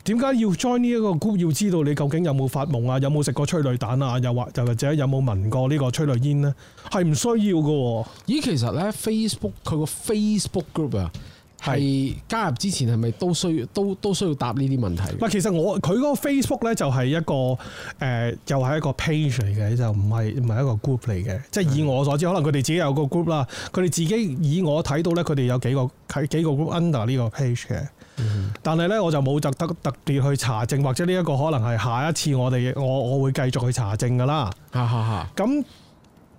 點解要 join 呢一個 group？要知道你究竟有冇發夢啊？有冇食過催淚彈啊？又或又或者有冇聞過呢個催淚煙呢？係唔需要嘅喎。咦，其實呢 Facebook 佢個 Facebook group 啊，係加入之前係咪都需都都需要，都都需要答呢啲問題？唔係，其實我佢嗰個 Facebook 呢就係一個誒、呃，又係一個 page 嚟嘅，就唔係唔係一個 group 嚟嘅。即係以我所知，可能佢哋自己有個 group 啦。佢哋自己以我睇到呢，佢哋有幾個睇幾個 group under 呢個 page 嘅。嗯、但係咧，我就冇特得特別去查證，或者呢一個可能係下一次我哋我我會繼續去查證噶啦。嚇嚇嚇！咁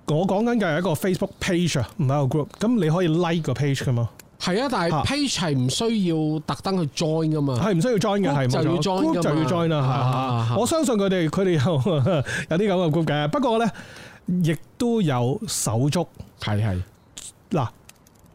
我講緊嘅係一個 Facebook page，唔係一個 group。咁你可以 like 個 page 噶嘛？係啊，但係 page 係唔需要特登去 join 噶嘛？係唔需要 join 嘅，係冇 group 就要 join 啦 對。 我相信佢哋佢哋有啲咁嘅 group 嘅，不過咧亦都有手足。係係嗱。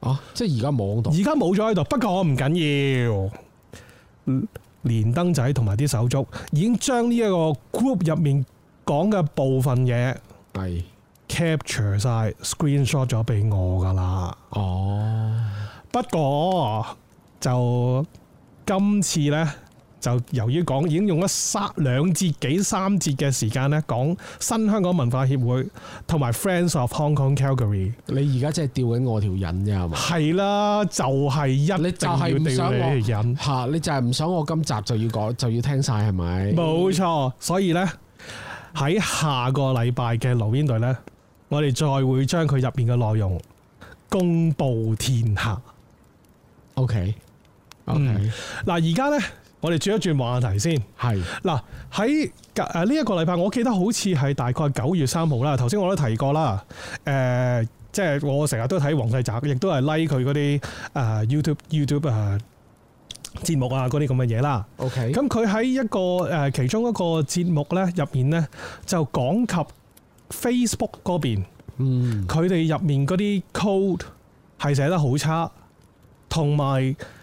啊！即係而家冇喺度，而家冇咗喺度。不過我唔緊要、嗯，連燈仔同埋啲手足已經將呢一個 group 入面講嘅部分嘢係 capture 晒，screenshot 咗俾我噶啦。哦，不過就今次呢。就由於講已經用咗三兩節幾三節嘅時間咧，講新香港文化協會同埋 Friends of Hong Kong Calgary，你現在而家真係吊緊我條癮啫，係嘛？係啦，就係、是、一你的，你就係唔想我癮。你就係唔想我今集就要講，就要聽晒，係咪？冇錯，所以呢，喺下個禮拜嘅留言隊呢，我哋再會將佢入面嘅內容公佈天下。OK，OK、okay, okay. 嗯。嗱，而家呢。我哋轉一轉話題先。係嗱喺誒呢一個禮拜，我記得好似係大概九月三號啦。頭先我都提過啦。誒、呃，即、就、係、是、我成日都睇黃世澤，亦都係 like 佢嗰啲誒 YouTube YouTube 誒、啊、節目啊，嗰啲咁嘅嘢啦。OK。咁佢喺一個誒、呃、其中一個節目咧入面咧，就講及 Facebook 嗰邊，嗯，佢哋入面嗰啲 code 係寫得好差，同埋。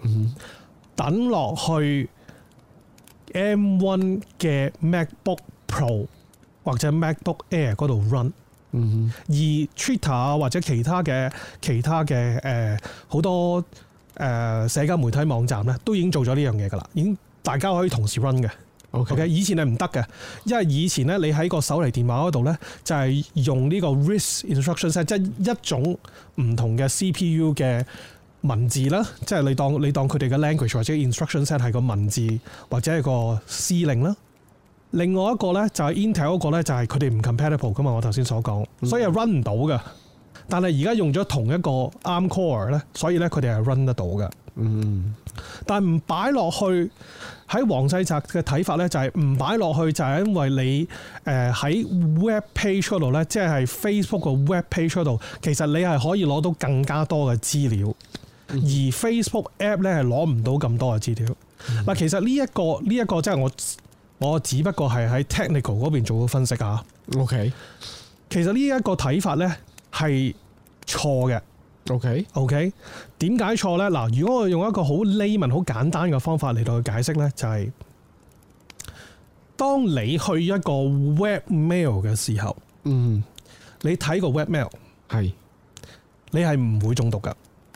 嗯，等落去 M1 嘅 MacBook Pro 或者 MacBook Air 嗰度 run。嗯哼，而 Twitter 或者其他嘅其他嘅誒好多誒、呃、社交媒體網站咧，都已經做咗呢樣嘢噶啦，已經大家可以同時 run 嘅。OK，okay？以前係唔得嘅，因為以前咧你喺個手提電話嗰度咧，就係用呢個 RISC instruction set 即係一種唔同嘅 CPU 嘅。文字啦，即係你當你當佢哋嘅 language 或者 instruction set 係個文字或者係個司令啦。另外一個呢，就係 Intel 嗰個呢，就係佢哋唔 compatible 噶嘛。我頭先所講，所以係 run 唔到嘅。但係而家用咗同一個 ARM core 呢，所以呢，佢哋係 run 得到嘅。嗯，但係唔擺落去喺黃世澤嘅睇法呢，就係唔擺落去就係因為你誒喺 web page 度呢，即係 Facebook 嘅 web page 度，其實你係可以攞到更加多嘅資料。而 Facebook app 咧，係攞唔到咁多嘅資料。嗱、嗯，其實呢、這、一個呢一、這個真係我我只不過係喺 technical 嗰邊做咗分析啊。OK，其實 OK，OK，呢一個睇法咧係錯嘅。OK，OK，點解錯咧？嗱，如果我用一個好 layman、好簡單嘅方法嚟到去解釋咧，就係、是、當你去一個 webmail 嘅時候，嗯，你 mail，你睇個 webmail 係，你係唔會中毒㗎。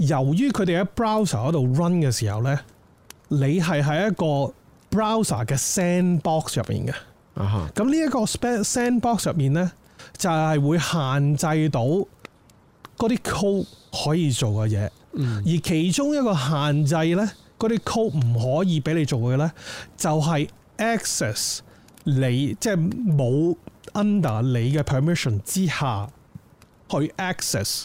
由於佢哋喺 browser 嗰度 run 嘅時候咧，你係喺一個 browser 嘅 sandbox 入邊嘅。啊咁呢一個 sandbox 入面咧，就係會限制到嗰啲 code 可以做嘅嘢。Uh -huh. 而其中一個限制咧，嗰啲 code 唔可以俾你做嘅咧，就係 access 你，即係冇 under 你嘅 permission 之下去 access。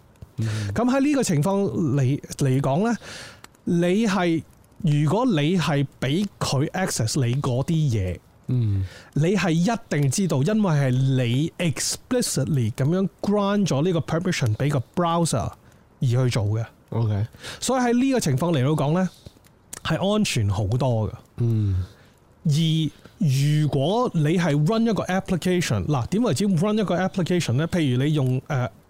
咁喺呢個情況嚟，嚟講呢，你係，如果你係俾佢 access 你嗰啲嘢，嗯，你係一定知道，因為係你 explicitly 咁樣 grant 咗呢個 permission 俾個 browser 而去做嘅。Okay，所以喺呢個情況嚟到講呢，係安全好多㗎。嗯，而如果你係 run 一個 application 嗱，點為之 run 一個 application 呢？譬如你用誒。呃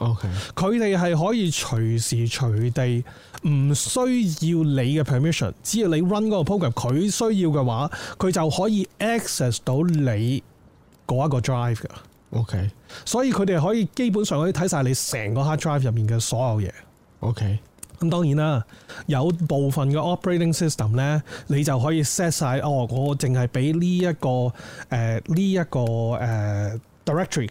OK，佢哋係可以隨時隨地唔需要你嘅 permission，只要你 run 嗰個 program，佢需要嘅話，佢就可以 access 到你嗰一個 drive 噶。OK，所以佢哋可以基本上可以睇晒你成個 hard drive 入面嘅所有嘢。OK，咁當然啦，有部分嘅 operating system 呢，你就可以 set 晒哦，我淨係俾呢一個呃呢一個呃 directory。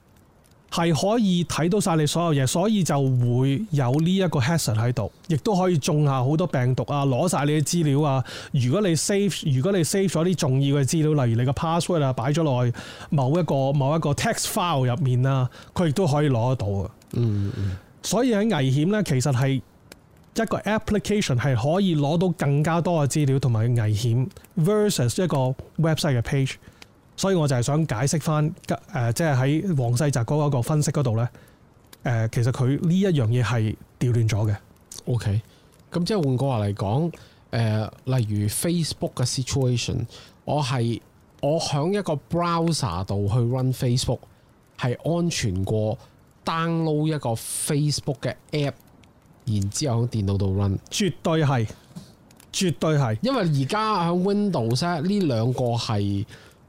係可以睇到晒你所有嘢，所以就會有呢一個 hazard 喺度，亦都可以種下好多病毒啊，攞晒你嘅資料啊。如果你 save 如果你 save 咗啲重要嘅資料，例如你個 password 啊，擺咗落去某一個某一個 text file 入面啊，佢亦都可以攞得到嘅。嗯、mm -hmm. 所以喺危險呢，其實係一個 application 係可以攞到更加多嘅資料同埋危險 versus 一個 website 嘅 page。所以我就係想解釋返，誒、呃，即係喺黃世澤嗰個分析嗰度呢。誒、呃，其實佢呢一樣嘢係掉亂咗嘅。OK，咁即係換句話嚟講，誒、呃，例如 Facebook 嘅 situation，我係我喺一個 browser 度去 run Facebook，係安全過 download 一個 Facebook 嘅 app，然之後喺電腦度 run，絕對係，絕對係，因為而家喺 Windows 呢兩個係。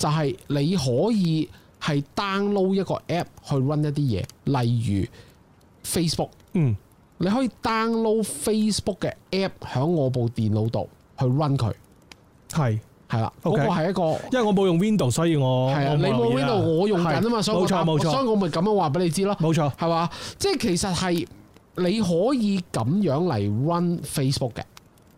就係、是、你可以係 download 一個 app 去 run 一啲嘢，例如 Facebook。嗯，你可以 download Facebook 嘅 app 喺我部電腦度去 run 佢。係係啦，嗰、okay. 個係一個，因為我冇用 Window，所以我我冇嘢啊。係啊，你冇 Window，我用緊啊嘛，所以冇錯冇錯，所以我咪咁樣話俾你知咯。冇錯，係嘛？即係、就是、其實係你可以咁樣嚟 run Facebook 嘅。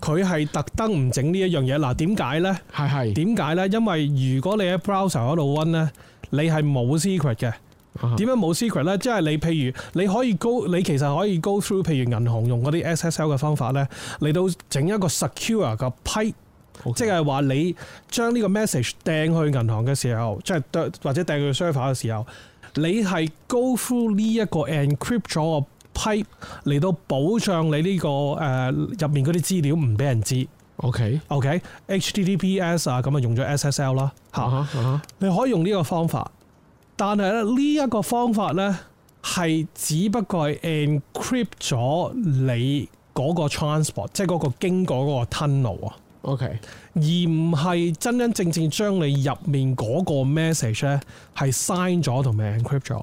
佢係特登唔整呢一樣嘢，嗱點解呢？係係。點解呢？因為如果你喺 browser 喺度 run 呢，你係冇 secret 嘅。點樣冇 secret 呢？即係你譬如你可以 go，你其實可以 go through，譬如銀行用嗰啲 SSL 嘅方法呢，嚟到整一個 secure 嘅 pipe，即係話你將呢個 message 掟去銀行嘅時候，即係或者掟去 server 嘅時候，你係 go through 呢一個 encrypt 咗個批嚟到保障你呢、這個誒入、呃、面嗰啲資料唔俾人知。OK，OK，HTTPS、okay. okay? 啊，咁啊用咗 SSL 啦。吓吓吓，你可以用呢個方法，但係咧呢一、這個方法呢，係只不過係 encrypt 咗你嗰個 transport，即係嗰個經過嗰個 tunnel 啊。OK，而唔係真真正正將你入面嗰個 message 呢，係 sign 咗同埋 encrypt 咗。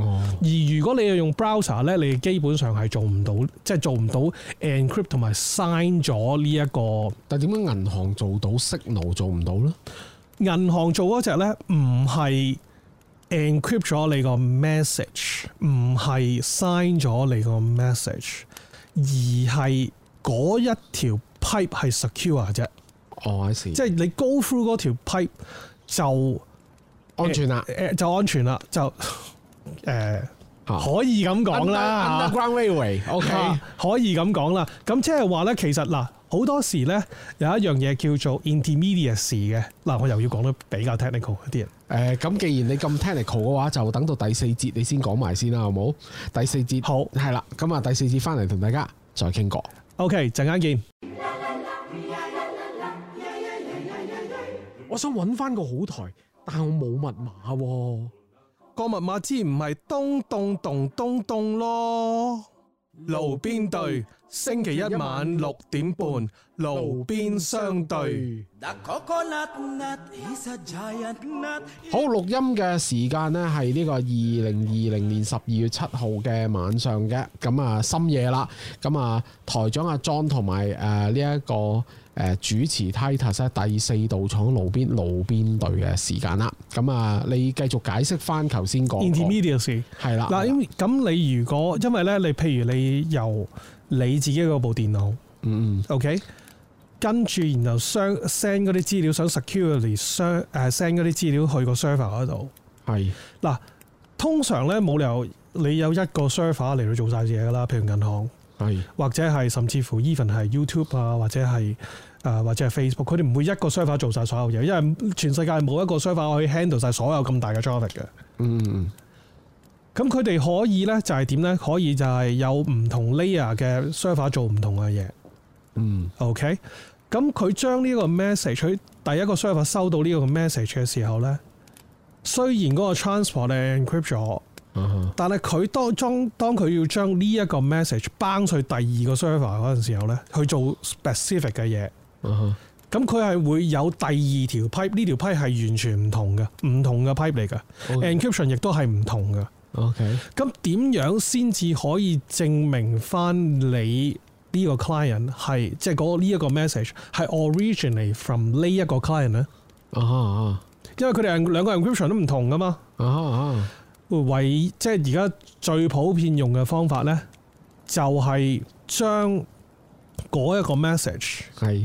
而如果你要用 browser 咧，你基本上係做唔到，即係做唔到 encrypt 同埋 sign 咗呢一個。但係點解銀行做到，Signal 做唔到呢？銀行做嗰隻咧，唔係 encrypt 咗你個 message，唔係 sign 咗你個 message，而係嗰一條 pipe 係 secure 啫。哦，I see。即係你 go through 嗰條 pipe 就安全啦，誒，就安全啦，就。誒、呃啊，可以咁講啦，underground railway，OK 可以咁講啦。咁即係話咧，其實嗱，好、呃、多時咧有一樣嘢叫做 intermediate 嘅。嗱、呃，我又要講得比較 technical 一啲。誒、呃，咁既然你咁 technical 嘅話，就等到第四節你先講埋先啦，好冇？第四節好，係啦。咁啊，第四節翻嚟同大家再傾過。OK，陣間見。我想揾翻個好台，但係我冇密碼、啊。個密碼字唔係東東東東東咯，爐邊對星期一晚六點半，爐邊相對好錄音嘅時間呢係呢個二零二零年十二月七號嘅晚上嘅咁啊深夜啦，咁啊台長阿 John 同埋誒呢一個。主持 Titus 第四度廠爐邊爐邊對嘅時間啦，咁啊，你繼續解釋翻頭先講，intermediate 係啦，嗱咁你如果因為咧，你譬如你由你自己嗰部電腦，嗯嗯，OK，跟住然後 send 嗰啲資料，想 security send 嗰啲資料去個 server 嗰度，係嗱，通常咧冇理由你有一個 server 嚟到做晒嘢噶啦，譬如銀行，係或者係甚至乎 even 係 YouTube 啊，或者係。啊，或者係 Facebook，佢哋唔會一個 server 做晒所有嘢，因為全世界冇一個 server 可以 handle 晒所有咁大嘅 traffic 嘅。嗯，咁佢哋可以呢，就係點呢？可以就係有唔同 layer 嘅 server 做唔同嘅嘢。嗯，OK，咁佢將呢個 message，佢第一個 server 收到呢個 message 嘅時候呢，雖然嗰個 transport 咧 encrypt 咗，但係佢當佢要將呢一個 message 掹去第二個 server 嗰陣時候呢，去做 specific 嘅嘢。咁佢係會有第二條 pipe，呢條 pipe 係完全唔同嘅，唔同嘅 pipe 嚟嘅，encryption 亦都係唔同嘅。OK，咁點樣先至可以證明翻你呢個 client 係即係嗰呢一個 message 係 originally from 呢一個 client 咧？啊，因為佢哋兩兩個 encryption 都唔同噶嘛。啊啊，為即係而家最普遍用嘅方法咧，就係將嗰一個 message 係。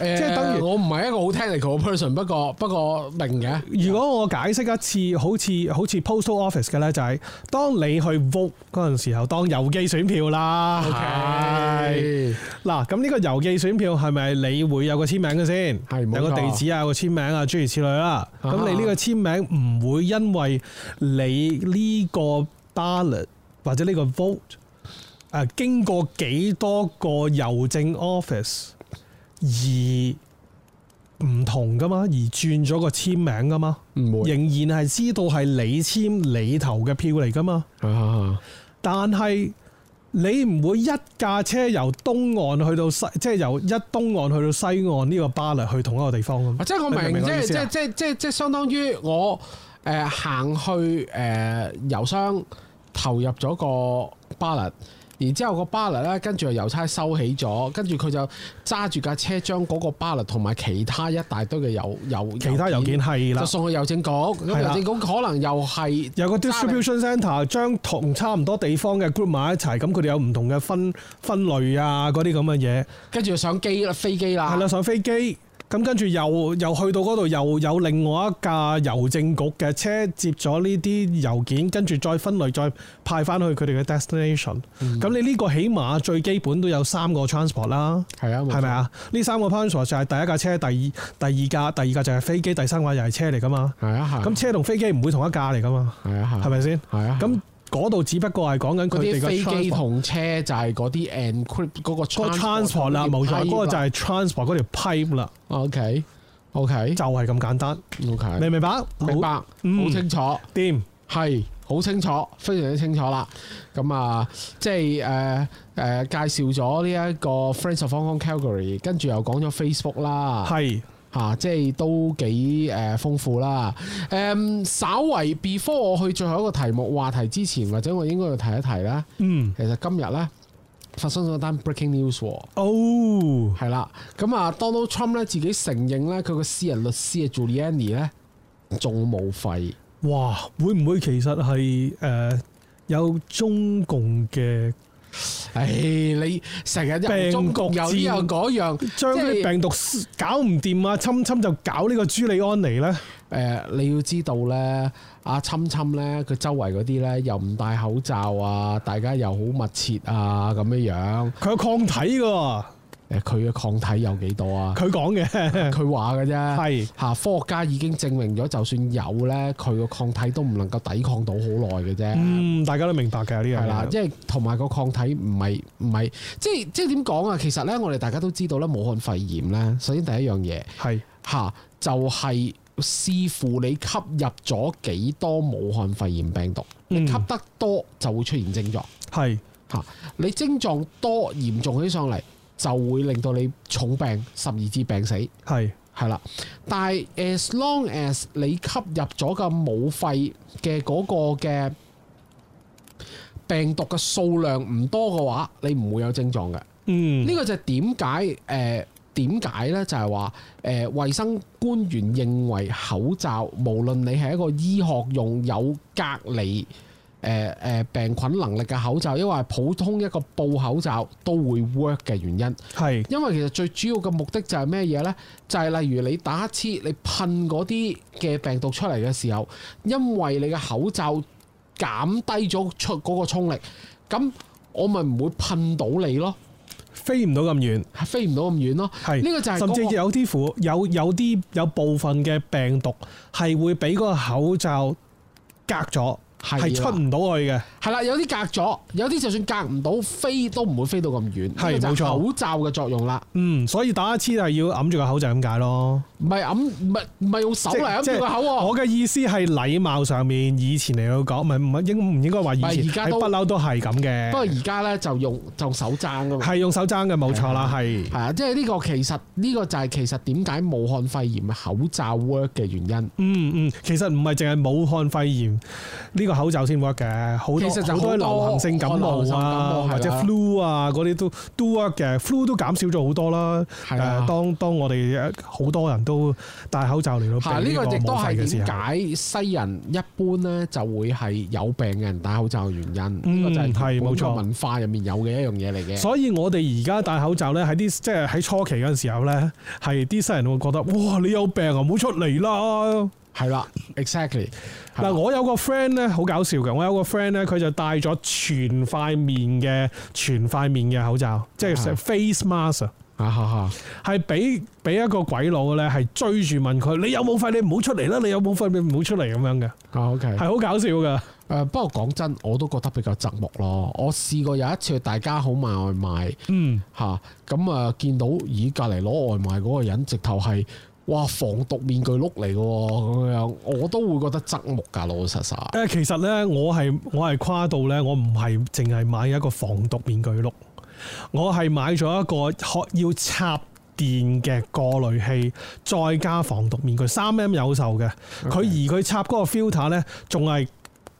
即係、呃，我唔係一個好 technical person，不過不過明嘅。如果我解釋一次，好似好似 postal office 嘅咧，就係、是、當你去 vote 嗰陣時候，當郵寄選票啦。係、okay、嗱，咁呢個郵寄選票係咪你會有個簽名嘅先？有個地址啊，有個簽名啊，諸如此類啦。咁、啊、你呢個簽名唔會因為你呢個 ballot 或者呢個 vote 誒、啊、經過幾多個郵政 office？而唔同㗎嘛，而轉咗個簽名㗎嘛，仍然係知道係你簽你投嘅票嚟㗎嘛。是是是但係你唔會一架車由東岸去到西，即、就、係、是、由一東岸去到西岸呢個 ballot 去同一個地方咁、啊。即係我明，即係即係即係即係即係相當於我誒行、呃、去誒郵箱投入咗個 ballot。然之後個巴嚟咧，跟住個郵差收起咗，跟住佢就揸住架車將嗰個巴嚟同埋其他一大堆嘅郵郵其他郵件係啦，就送去郵政局。郵政局可能又係有個 distribution center 將同差唔多地方嘅 group 埋一齊，咁佢哋有唔同嘅分分類啊，嗰啲咁嘅嘢。跟住就上機啦，飛機啦，係啦，上飛機。咁跟住又又去到嗰度，又有另外一架郵政局嘅車接咗呢啲郵件，跟住再分類再派翻去佢哋嘅 destination。咁、嗯、你呢個起碼最基本都有三個 transport 啦，係啊，係咪啊？呢三個 transport 就係第一架車，第二第二架第二架就係飛機，第三架又係車嚟噶嘛。係啊係啊。咁車同飛機唔會同一架嚟噶嘛。係啊係。係咪先？係啊。咁、啊。嗰度只不過係講緊佢哋嘅飛機同車，就係嗰啲 encrypt 嗰個 transport 啦，冇錯，嗰個就係 transport 嗰、那個那個、條 pipe 啦。OK，OK，okay, okay, 就係咁簡單。OK，明唔明白？明白，好清楚，掂、嗯，係好清楚，非常之清楚啦。咁啊，即係誒、呃呃、介紹咗呢一個 Friends of Hong Kong Calgary，跟住又講咗 Facebook 啦，係。吓、啊，即係都幾誒、呃、豐富啦。誒、um，稍為 before 我去最後一個題目話題之前，或者我應該要提一提啦。嗯，其實今日咧發生咗單 breaking news 喎。哦，係啦。咁啊，Donald Trump 咧自己承認咧佢個私人律師啊 Giuliani 咧仲冇費。哇！會唔會其實係誒、呃、有中共嘅？唉、哎，你成日、這個、病菌有呢樣嗰樣，將啲病毒搞唔掂啊！ 侵侵就搞呢個朱利安尼咧。誒、呃，你要知道咧，阿、啊、侵侵咧，佢周圍嗰啲咧又唔戴口罩啊，大家又好密切啊，咁樣樣。佢有抗體噶。誒佢嘅抗體有幾多啊？佢講嘅，佢話嘅啫。係嚇，科學家已經證明咗，就算有咧，佢個抗體都唔能夠抵抗到好耐嘅啫。嗯，大家都明白嘅呢樣。係啦，即係同埋個抗體唔係唔係，即係即係點講啊？其實咧，我哋大家都知道咧，武漢肺炎咧，首先第一樣嘢係嚇、啊、就係視乎你吸入咗幾多武漢肺炎病毒，你吸得多就會出現症狀。係嚇、嗯啊、你症狀多嚴重起上嚟。就會令到你重病十二至病死，係係啦。但係 as long as 你吸入咗個冇肺嘅嗰個嘅病毒嘅數量唔多嘅話，你唔會有症狀嘅。嗯，呢、呢個就係點解？誒點解呢？就係話誒，衞生官員認為口罩無論你係一個醫學用有隔離。誒誒病菌能力嘅口罩，因為普通一個布口罩都會 work 嘅原因，係因為其實最主要嘅目的就係咩嘢呢？就係、是、例如你打乞嗤，你噴嗰啲嘅病毒出嚟嘅時候，因為你嘅口罩減低咗出嗰個衝力，咁我咪唔會噴到你咯，飛唔到咁遠，飛唔到咁遠咯。係呢、這個就係、那個、甚至有啲乎有有啲有部分嘅病毒係會俾嗰個口罩隔咗。係出唔到去嘅，係啦，有啲隔咗，有啲就算隔唔到飛都唔會飛到咁遠，係冇錯，係口罩嘅作用啦。嗯，所以打一次係要揞住個口罩咁解咯。唔係揞，唔係唔係用手嚟揞住個口啊、即係！即係、我嘅意思係禮貌上面，以前嚟講，唔係唔應唔應該話以前，而家不嬲都係咁嘅。在不過而家咧就用就手踭噶嘛。係用手踭嘅，冇錯啦，係。係啊，即係呢個其實呢、呢個就係其實點解武漢肺炎口罩 work 嘅原因嗯。嗯嗯，其實唔係淨係武漢肺炎呢。呢個口罩先 work 嘅，好，其實好多，好多流行性感冒啊，感冒，或者 flu 啊，嗰啲都都 work 嘅。flu 都減少咗好多啦。係啊，呃，當當我哋好多人都戴口罩嚟到避呢個嘅時候，亦都係點解西人一般咧就會係有病嘅人戴口罩嘅原因。嗯，係冇錯，嗰個文化入面有嘅一樣嘢嚟嘅。所以我哋而家戴口罩咧，喺啲即係喺初期嗰陣時候咧，係啲西人會覺得哇，你有病啊，唔好出嚟啦。係啦，exactly 嗱，我有個 friend 咧，好搞笑嘅。我有個 friend 咧，佢就戴咗全塊面嘅全塊面嘅口罩，即係 face mask 啊，係俾俾一個鬼佬咧，係追住問佢：你有冇肺？你唔好出嚟啦！你有冇肺？你唔好出嚟咁樣嘅。啊，OK，係好搞笑嘅。誒、呃，不過講真，我都覺得比較側目咯。我試過有一次，大家好買外賣，嗯嚇，咁啊、呃、見到以隔離攞外賣嗰個人，直頭係。哇！防毒面具碌嚟嘅咁樣，我都會覺得側目㗎老實曬。誒，其實呢，我係我係跨到呢。我唔係淨係買一個防毒面具碌，我係買咗一個要插電嘅過濾器，再加防毒面具。三 M 有售嘅佢、okay. 而佢插嗰個 filter 呢仲係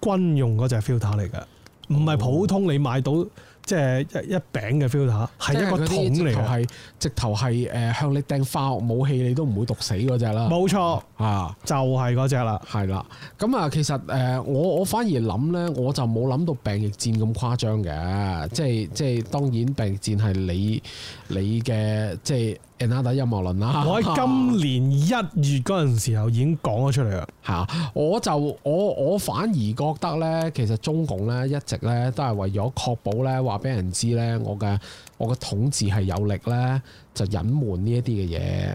軍用嗰隻 filter 嚟嘅，唔係普通你買到。即係一一餅嘅 filter，係一個桶嚟，係直頭係誒向你掟化學武器，你都唔會毒死嗰隻啦。冇錯，啊，就係嗰隻啦，係啦。咁啊，其實誒，我我反而諗咧，我就冇諗到病疫戰咁誇張嘅，即係即係當然病疫戰係你你嘅即係。等等音樂論啦，我喺今年一月嗰陣時候已經講咗出嚟啦，嚇、 啊！我就我我反而覺得咧，其實中共咧一直咧都係為咗確保咧話俾人知咧，我嘅我嘅統治係有力咧，就隱瞞呢一啲嘅嘢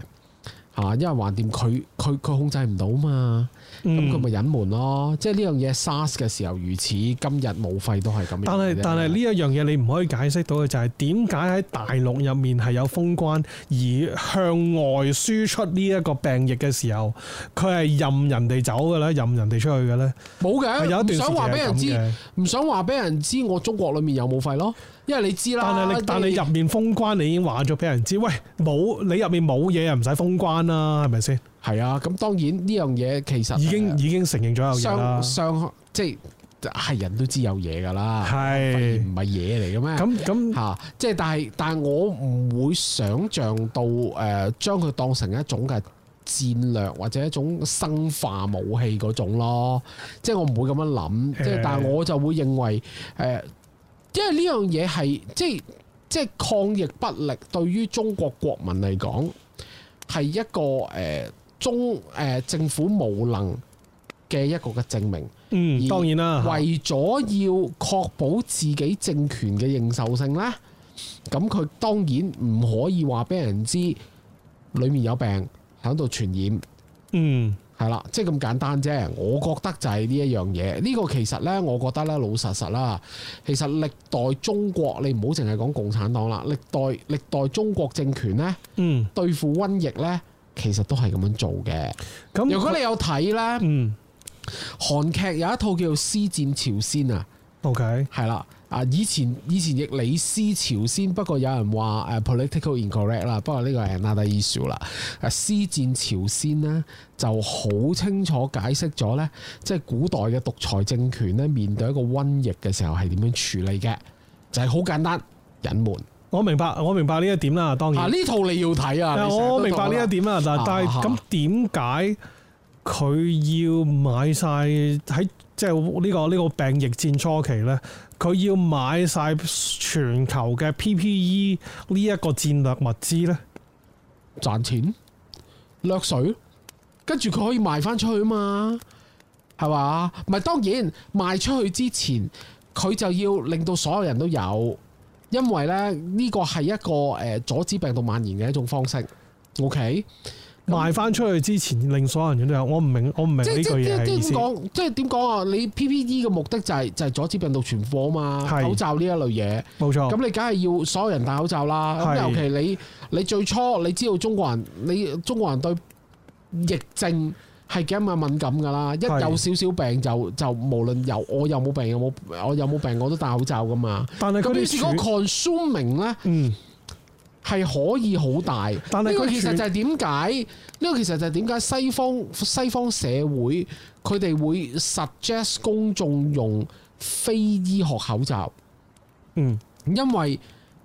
嚇，因為橫掂，佢佢佢控制唔到嘛。咁佢咪隱瞞咯？即係呢樣嘢，SARS 嘅時候如此，今日冇肺都係咁樣。但係但係呢一樣嘢，你唔可以解釋到嘅就係點解喺大陸入面係有封關，而向外輸出呢一個病疫嘅時候，佢係任人哋走㗎啦，任人哋出去嘅咧。冇嘅，有一段想話俾人知，唔想話俾人知，我中國裏面有冇肺咯。因為你知啦。但係但係你入面封關，你已經話咗俾人知。喂，冇你入面冇嘢啊，唔使封關啦，係咪先？係啊，咁當然呢樣嘢其實已經已經承認咗有嘢啦。上上即係人都知有嘢噶啦，係，唔係嘢嚟嘅咩？咁咁嚇，即係但係但係我唔會想像到誒、呃，將佢當成一種嘅戰略或者一種生化武器嗰種咯。即係我唔會咁樣諗。即係但係我就會認為誒，因為呢樣嘢係即係即係抗疫不力對於中國國民嚟講係一個誒。呃中誒、呃、政府無能嘅一個嘅證明，嗯，當然啦。為咗要確保自己政權嘅認受性呢，咁、嗯、佢當然唔、啊、可以話俾人知裏面有病喺度傳染，嗯，係啦，即係咁簡單啫。我覺得就係呢一樣嘢，呢、呢個其實呢，我覺得呢，老實實啦，其實歷代中國，你唔好淨係講共產黨啦，歷代歷代中國政權呢，嗯，對付瘟疫呢。其實都係咁樣做嘅。咁如果你有睇呢，嗯，韓劇有一套叫做《思戰朝鮮》啊，OK，係啦。啊，以前以前譯李思朝鮮，不過有人話誒、uh, political incorrect 啦，不過呢個係 another issue 啦。誒，《思戰朝鮮》呢就好清楚解釋咗呢即係古代嘅獨裁政權呢，面對一個瘟疫嘅時候係點樣處理嘅，就係、是，好簡單，隱瞞。我明白，我明白呢一點啦。當然，啊呢套你要睇啊，啊，啊！我明白呢一點啦，啊。但係咁點解佢要買晒喺即係呢個呢，呢個病疫戰初期呢，佢要買晒全球嘅 PPE 呢一個戰略物資呢？賺錢掠水，跟住佢可以賣翻出去啊嘛，係嘛？唔係當然賣出去之前，佢就要令到所有人都有。因為咧，呢個係一個誒阻止病毒蔓延嘅一種方式。Okay，賣翻出去之前，令所有人人都有。我唔明，我唔明呢句嘢意思。即係點講？即係點講啊？你 PPE 嘅目的就係、是、就係、是、阻止病毒傳播啊嘛。口罩呢一類嘢，冇錯。咁你梗係要所有人戴口罩啦。尤其你你最初，你知道中國人，你中國人對疫症。係幾敏感噶啦，一有少少病就就無論有我有冇病，有冇我有冇病，我都戴口罩噶嘛。但係咁，於是嗰個 consuming 咧，係、嗯、可以好大。但係佢其實就係點解？呢個其實就係點解西方西方社會佢哋會 suggest 公眾用非醫學口罩？嗯，因為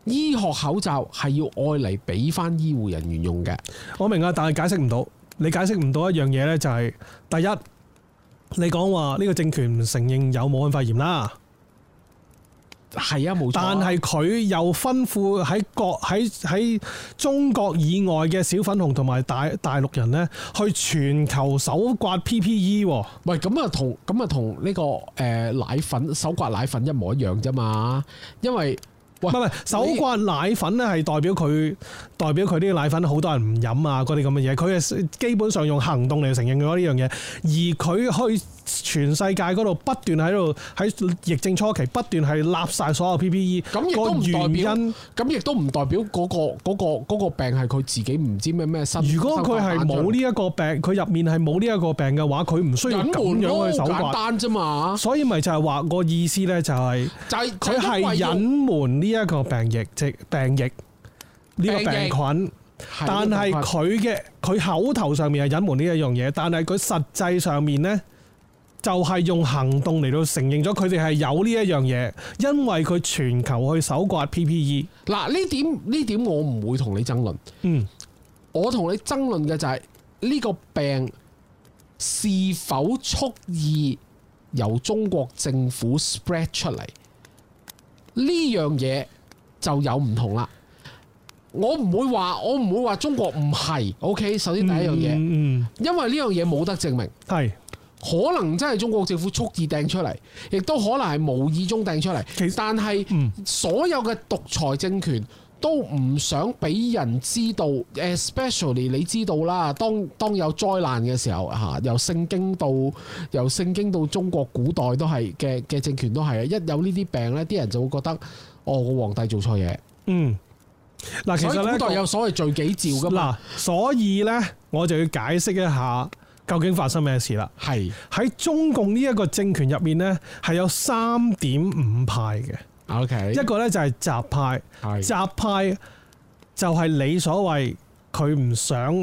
醫學口罩係要愛嚟俾翻醫護人員用嘅。我明啊，但係解釋唔到。你解釋唔到一樣嘢呢，就係、是、第一，你講話呢個政權唔承認有武漢肺炎啦，係啊，冇錯，啊。但係佢又吩咐喺國喺喺中國以外嘅小粉紅同埋大大陸人呢，去全球搜刮 PPE，喂，咁啊，同咁啊同呢個誒奶粉搜刮奶粉一模一樣啫嘛，因為。喂喂，手刮奶粉咧係代表佢，代表佢呢個奶粉好多人唔飲啊嗰啲咁嘅嘢。佢係基本上用行動嚟承認咗呢樣嘢，而佢去全世界度不斷喺度喺疫症初期不斷係攬晒所有 PPE。咁亦都唔代表咁亦都唔代表嗰個嗰個嗰個病係佢自己唔知咩咩新。如果佢係冇呢一個病，佢入面係冇呢一個病嘅話，佢唔需要咁樣去手刮。單啫嘛，所以咪就係話個意思咧，就係就係佢係隱瞞呢。呢一個病疫即病疫呢個病菌，但係佢嘅佢口頭上面係隱瞞呢一樣嘢，但係佢實際上面呢，就係用行動嚟到承認咗佢哋係有呢一樣嘢，因為佢全球去搜刮 PPE。嗱呢點呢點我唔會同你爭論，嗯，我同你爭論嘅就係呢個病是否蓄意由中國政府 spread 出嚟。呢樣嘢就有唔同啦，我唔會話，我唔會話中國唔係，OK，首先第一樣嘢，嗯，因為呢樣嘢冇得證明，係可能真係中國政府蓄意掟出嚟，亦都可能係無意中掟出嚟，其但係所有嘅獨裁政權。嗯嗯都唔想俾人知道，especially 你知道啦，當當有災難嘅時候，吓、啊、由聖經到由聖經到中國古代都係嘅嘅政權都係，一有呢啲病呢，啲人就會覺得，哦，個皇帝做錯嘢。嗯，嗱、啊，其實呢古代有所謂罪己詔噶嘛、啊。所以呢，我就要解釋一下究竟發生咩事啦。係喺中共呢一個政權入面呢，係有三點五派嘅。Okay, 一個咧就係習派，習派就係你所謂佢唔想，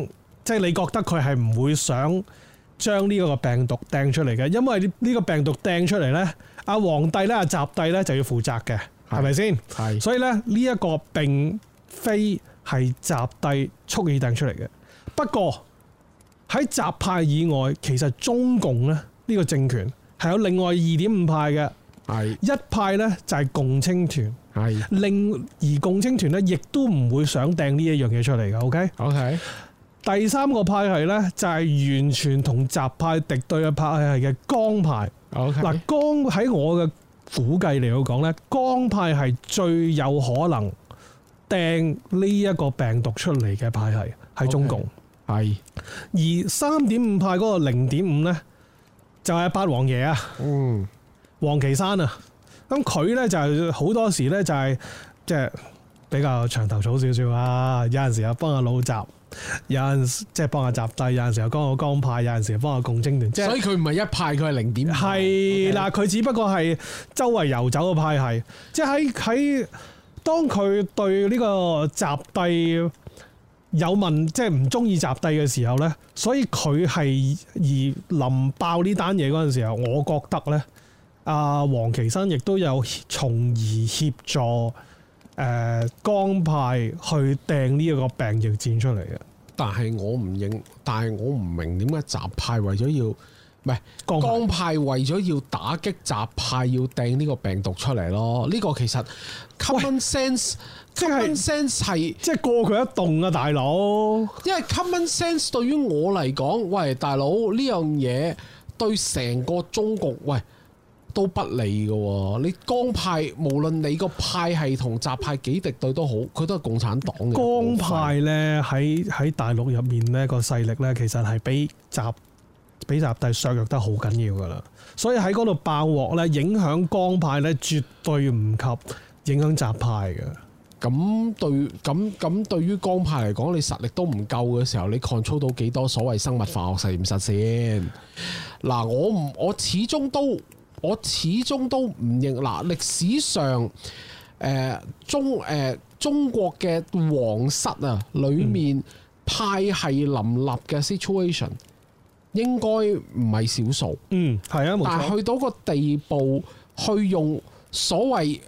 即係你覺得佢係唔會想將呢個病毒掟出嚟嘅，因為呢個病毒掟出嚟呢，阿皇帝咧、阿習帝咧就要負責嘅，係咪先？係，所以咧呢一個並非係習帝蓄意掟出嚟嘅。不過喺習派以外，其實中共咧呢個政權係有另外二點五派嘅。係一派咧就係、是、共青團，係另而共青團咧，亦都唔會想掟呢一樣嘢出嚟嘅。OK，OK、okay? okay. 第三個派系咧就係、是、完全同習派敵對嘅派系嘅江派。OK，嗱江喺我嘅估計嚟講咧，江派係最有可能掟呢一個病毒出嚟嘅派系，喺中共。係、okay. 而三點五派嗰個零點五咧，就係、是、八王爺啊。嗯。王岐山啊，咁佢咧就好多時咧就係即係比較長頭草少少啊。有陣時又幫阿老習，有陣即係幫阿習帝，有陣時又幫我江派，有陣時候幫個共青團，即係所以佢唔係一派，佢係零點零。係、okay. 啦，佢只不過係周圍遊走嘅派系，即係喺喺當佢對呢個習帝有問，即係唔中意習帝嘅時候咧，所以佢係而臨爆呢單嘢嗰陣時候，我覺得咧。阿黃奇森亦都有從而協助誒、呃、江派去掟呢一個病疫戰出嚟嘅，但係我唔認，但係我唔明點解習派為咗要，唔係江，派江派為咗要打擊習派，要掟呢個病毒出嚟咯？呢、呢個其實 common sense, 喂 common sense，common sense 係即係過佢一動啊，大佬！因為 common sense 對於我嚟講，喂，大佬，呢樣嘢對成個中國，喂。都不利嘅喎，你江派無論你個派系同習派幾敵對都好，佢都係共產黨嘅。江派呢，喺喺大陸入面呢個勢力呢，其實係比習比習帝削弱得好緊要噶啦。所以喺嗰度爆鑊呢，影響江派呢，絕對唔及影響習派嘅。咁對咁咁，對於江派嚟講，你實力都唔夠嘅時候，你 control 到幾多所謂生物化學實驗室先？嗱，我唔我始終都。我始終都唔認，嗱，歷史上，呃、中誒，呃、中國嘅皇室啊，裏面派係林立嘅 situation 應該唔係少數，嗯，係啊，但係去到個地步去用所謂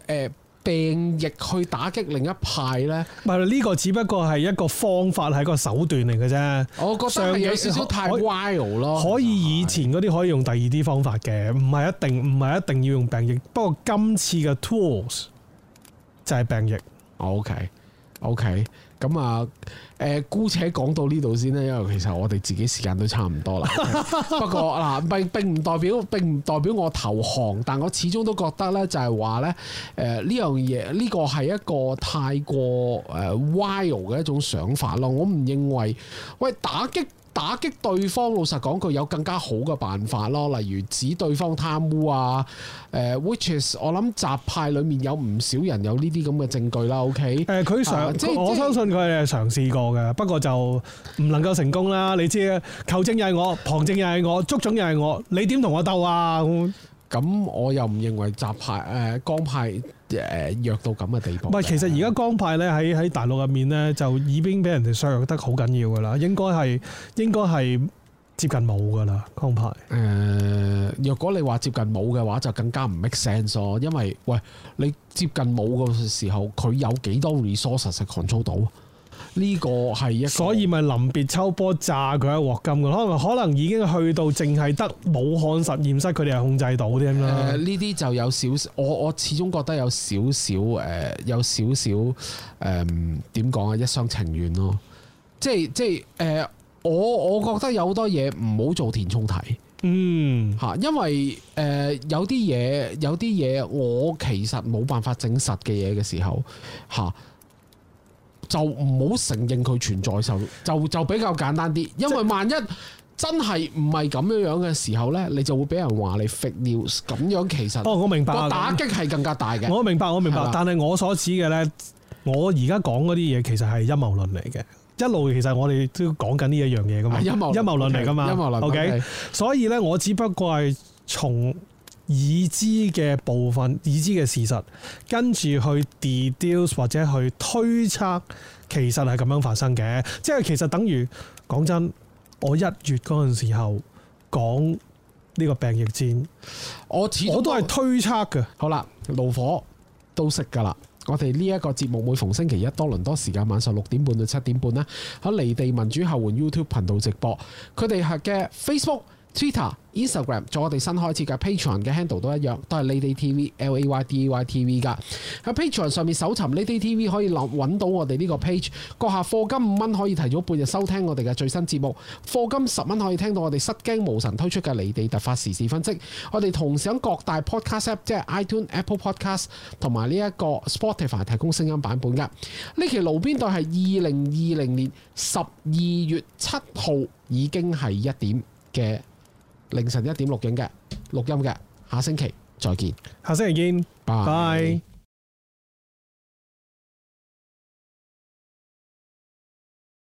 病疫去打擊另一派呢？唔係呢個只不過係一個方法，係個手段嚟嘅啫。我覺得有少少太 wild 咯。可以以前嗰啲可以用第二啲方法嘅，唔係一定唔係一定要用病疫。不過今次嘅 tools 就係病疫。OK，OK、okay, okay.。咁啊、呃，姑且講到呢度先啦，因為其實我哋自己時間都差唔多啦。 不過嗱、呃、並唔代表並唔代表我投降，但我始終都覺得咧就係話咧呢樣嘢呢個係、這個、一個太過誒、呃、wild 嘅一種想法咯。我唔認為，喂打擊。打擊對方，老實講句，佢有更加好嘅辦法咯，例如指對方貪污啊，誒、呃、which is 我諗習派裡面有唔少人有呢啲咁嘅證據啦。OK，誒、呃，佢嘗、呃，我相信佢係嘗試過嘅，不過就唔能夠成功啦。你知啊，球證又係我，旁證又係我，足總又係我，你點同我鬥啊？咁我又唔認為習派誒、呃、江派。誒弱到咁嘅地步？唔係，其實而家江派咧喺喺大陸入面咧，就已經俾人哋削弱得好緊要㗎啦。應該係應該係接近冇㗎啦。江派誒，若、呃、果你話接近冇嘅話，就更加唔 make sense 咯。因為喂，你接近冇嘅時候，佢有幾多 resource 食 control 到？呢、這個係一個所以咪臨別秋波炸佢一鑊金嘅，可能可能已經去到淨係得武漢實驗室佢哋係控制到啲咁啦。呢、呃、啲就有少，我我始終覺得有少少誒，有少少誒點講啊，一廂情願咯。即係即係誒、呃，我我覺得有好多嘢唔好做填充題。嗯，嚇，因為誒、呃、有啲嘢有啲嘢我其實冇辦法整實嘅嘢嘅時候嚇。啊就唔好承認佢存在就就就比較簡單啲，因為萬一真係唔係咁樣樣嘅時候呢，你就會俾人話你 fake news，咁樣其實哦我明白，個打擊係更加大嘅。我明白，我明白，但係我所指嘅呢，我而家講嗰啲嘢其實係陰謀論嚟嘅，一路其實我哋都講緊呢一樣嘢噶嘛，陰謀論嚟噶嘛，陰謀論。O、okay, K，、okay, okay, okay, 所以呢，我只不過係從。已知嘅部分、已知嘅事實，跟住去 deduce 或者去推測，其實係咁樣發生嘅。即係其實等於講真，我一月嗰陣時候講呢個病疫戰，我我都係推測嘅。好啦，爐火都熄㗎啦。我哋呢一個節目每逢星期一多倫多時間晚上六點半到七點半呢，喺離地民主後援 YouTube 頻道直播，佢哋係嘅 Facebook、Twitter、Instagram 仲有我哋新開設嘅 Patreon 嘅 handle 都一樣，都係 LayDay TV L A Y D A Y T V 噶。喺 Patreon 上面搜尋 LayDay TV 可以揾到我哋呢個 page。閣下課金五蚊可以提早半日收聽我哋嘅最新節目，課金十蚊可以聽到我哋失驚無神推出嘅離地突發時事分析。我哋同時響各大 Podcast app，即係 iTune、Apple Podcast 同埋呢一個 Spotify 提供聲音版本嘅。呢期爐邊對係二零二零年十二月七號已經係一點嘅。凌晨一點錄影嘅，錄音嘅，下星期再見。下星期見，拜拜。